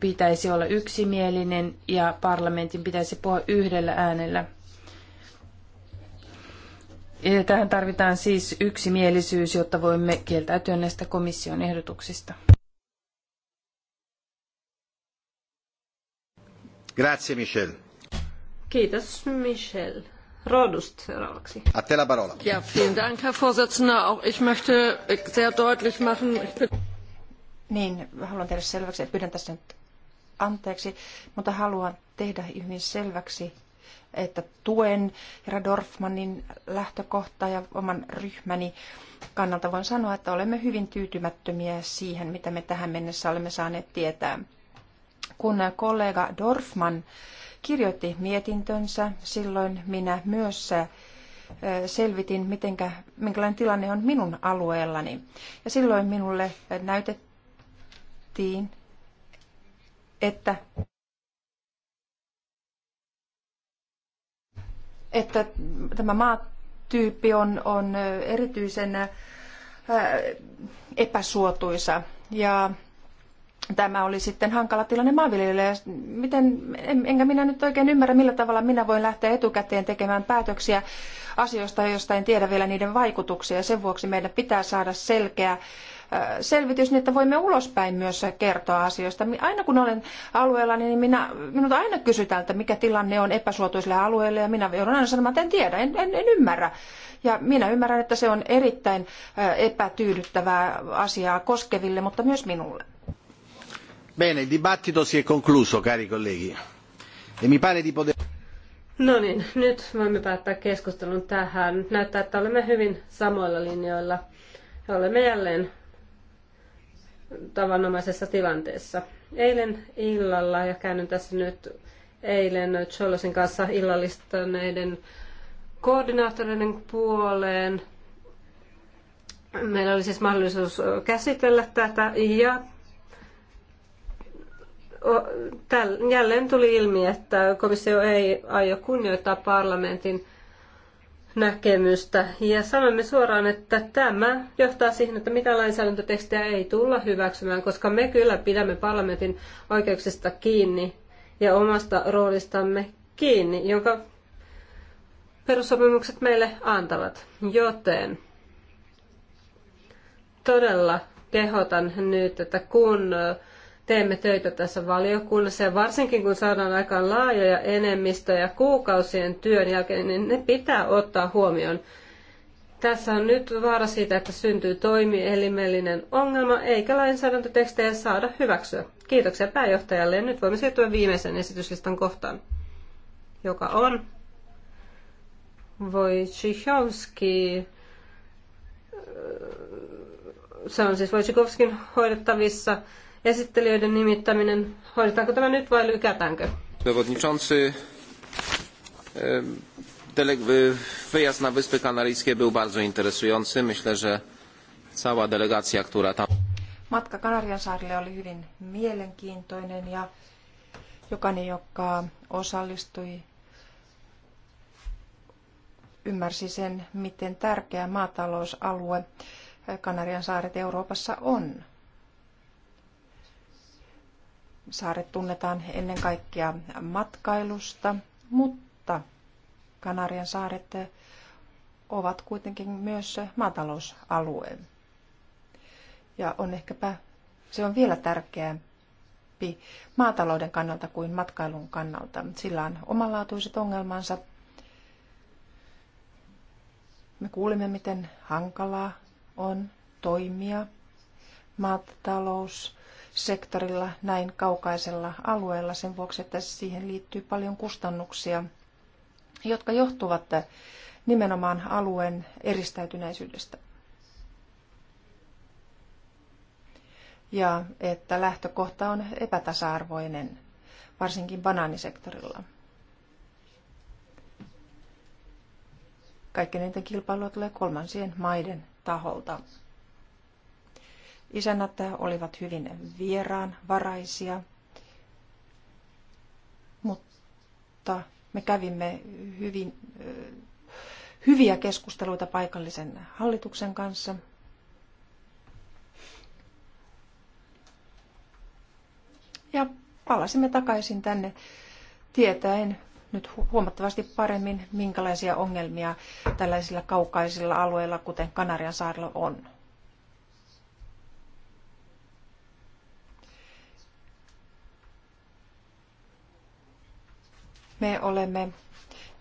pitäisi olla yksimielinen ja parlamentin pitäisi puhua yhdellä äänellä. Ja tähän tarvitaan siis yksimielisyys, jotta voimme kieltäytyä näistä komission ehdotuksista. Grazie Michel. Kiitos Michel. Rodust seuraavaksi. A te la parola. Ja, vielen Dank, Herr Vorsitzender. Auch ich möchte sehr deutlich machen, ich bin... Niin, haluan tehdä selväksi, että pyydän tässä nyt anteeksi, mutta haluan tehdä hyvin selväksi, että tuen herra Dorfmanin lähtökohtaa ja oman ryhmäni kannalta voin sanoa, että olemme hyvin tyytymättömiä siihen, mitä me tähän mennessä olemme saaneet tietää. Kun kollega Dorfman kirjoitti mietintönsä, silloin minä myös selvitin, mitenkä, minkälainen tilanne on minun alueellani. Ja silloin minulle näytettiin, todettiin, että, että tämä maatyyppi on, on erityisen äh, epäsuotuisa ja tämä oli sitten hankala tilanne maanviljelijöille. Miten, enkä minä nyt oikein ymmärrä, millä tavalla minä voin lähteä etukäteen tekemään päätöksiä asioista, joista en tiedä vielä niiden vaikutuksia. Sen vuoksi meidän pitää saada selkeä selvitys, niin että voimme ulospäin myös kertoa asioista. Aina kun olen alueella, niin minä, minut aina kysytään, että mikä tilanne on epäsuotuisille alueille, ja minä joudun aina sanomaan, että en tiedä, en, en, en ymmärrä. Ja minä ymmärrän, että se on erittäin epätyydyttävää asiaa koskeville, mutta myös minulle. Bene, il dibattito si è concluso, cari colleghi. E mi pare di poter... No niin, nyt voimme päättää keskustelun tähän. Näyttää, että olemme hyvin samoilla linjoilla. Olemme jälleen tavanomaisessa tilanteessa. Eilen illalla, ja käännyn tässä nyt eilen Cholosin kanssa illallistaneiden koordinaattoreiden puoleen, meillä oli siis mahdollisuus käsitellä tätä ja jälleen tuli ilmi, että komissio ei aio kunnioittaa parlamentin näkemystä. Ja sanomme suoraan, että tämä johtaa siihen, että mitä lainsäädäntötekstejä ei tulla hyväksymään, koska me kyllä pidämme parlamentin oikeuksista kiinni ja omasta roolistamme kiinni, jonka perussopimukset meille antavat. Joten todella kehotan nyt, että kun teemme töitä tässä valiokunnassa ja varsinkin kun saadaan aikaan laajoja enemmistöjä kuukausien työn jälkeen, niin ne pitää ottaa huomioon. Tässä on nyt vaara siitä, että syntyy toimielimellinen ongelma eikä lainsäädäntötekstejä saada hyväksyä. Kiitoksia pääjohtajalle ja nyt voimme siirtyä viimeisen esityslistan kohtaan, joka on Wojciechowski. Se on siis Wojciechowskin hoidettavissa esittelijöiden nimittäminen. Hoidetaanko tämä nyt vai lykätäänkö? Przewodniczący, wyjazd na Wyspy Kanaryjskie był bardzo interesujący. Myślę, że cała delegacja, która tam... Matka Kanarian saarille oli hyvin mielenkiintoinen ja jokainen, joka osallistui, ymmärsi sen, miten tärkeä maatalousalue Kanarian saaret Euroopassa on. Saaret tunnetaan ennen kaikkea matkailusta, mutta Kanarian saaret ovat kuitenkin myös maatalousalue. Ja on ehkäpä, se on vielä tärkeämpi maatalouden kannalta kuin matkailun kannalta. Sillä on omanlaatuiset ongelmansa. Me kuulimme, miten hankalaa on toimia maatalous sektorilla näin kaukaisella alueella sen vuoksi, että siihen liittyy paljon kustannuksia, jotka johtuvat nimenomaan alueen eristäytyneisyydestä. Ja että lähtökohta on epätasa-arvoinen, varsinkin banaanisektorilla. Kaikki niiden kilpailua tulee kolmansien maiden taholta. Isännät olivat hyvin vieraanvaraisia, mutta me kävimme hyvin hyviä keskusteluita paikallisen hallituksen kanssa. Ja palasimme takaisin tänne tietäen nyt huomattavasti paremmin, minkälaisia ongelmia tällaisilla kaukaisilla alueilla, kuten Kanarian saarella on. Me olemme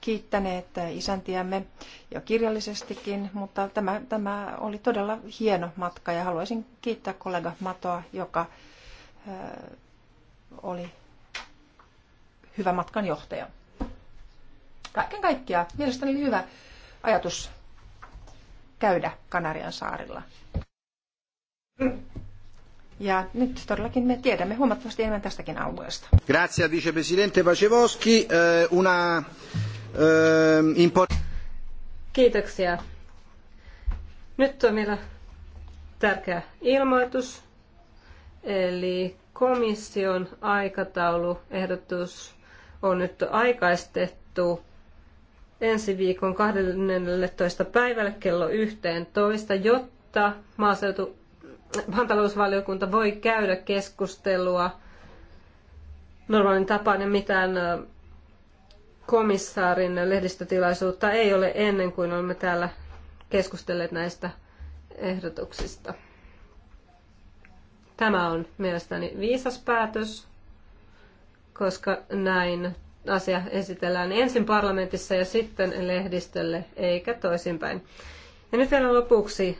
kiittäneet isäntiämme jo kirjallisestikin, mutta tämä, tämä oli todella hieno matka ja haluaisin kiittää kollega Matoa, joka äh, oli hyvä matkan johtaja. Kaiken kaikkiaan mielestäni oli hyvä ajatus käydä Kanarian saarilla. Ja nyt todellakin me tiedämme huomattavasti enemmän tästäkin alueesta. Grazie vicepresidente Vacevoski. Eh, una, eh, import... Kiitoksia. Nyt on vielä tärkeä ilmoitus, eli komission aikatauluehdotus on nyt aikaistettu ensi viikon 12. päivälle kello 11, jotta maaseutu maatalousvaliokunta voi käydä keskustelua normaalin tapaan ja mitään komissaarin lehdistötilaisuutta ei ole ennen kuin olemme täällä keskustelleet näistä ehdotuksista. Tämä on mielestäni viisas päätös, koska näin asia esitellään ensin parlamentissa ja sitten lehdistölle, eikä toisinpäin. Ja nyt vielä lopuksi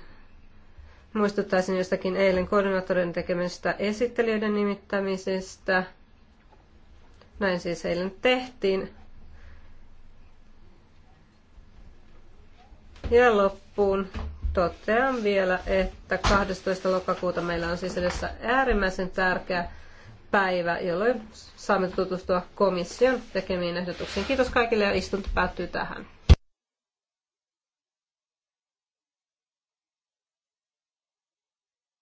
Muistuttaisin jostakin eilen koordinaattorin tekemistä esittelijöiden nimittämisestä. Näin siis eilen tehtiin. Ja loppuun totean vielä, että 12. lokakuuta meillä on siis edessä äärimmäisen tärkeä päivä, jolloin saamme tutustua komission tekemiin ehdotuksiin. Kiitos kaikille ja istunto päättyy tähän.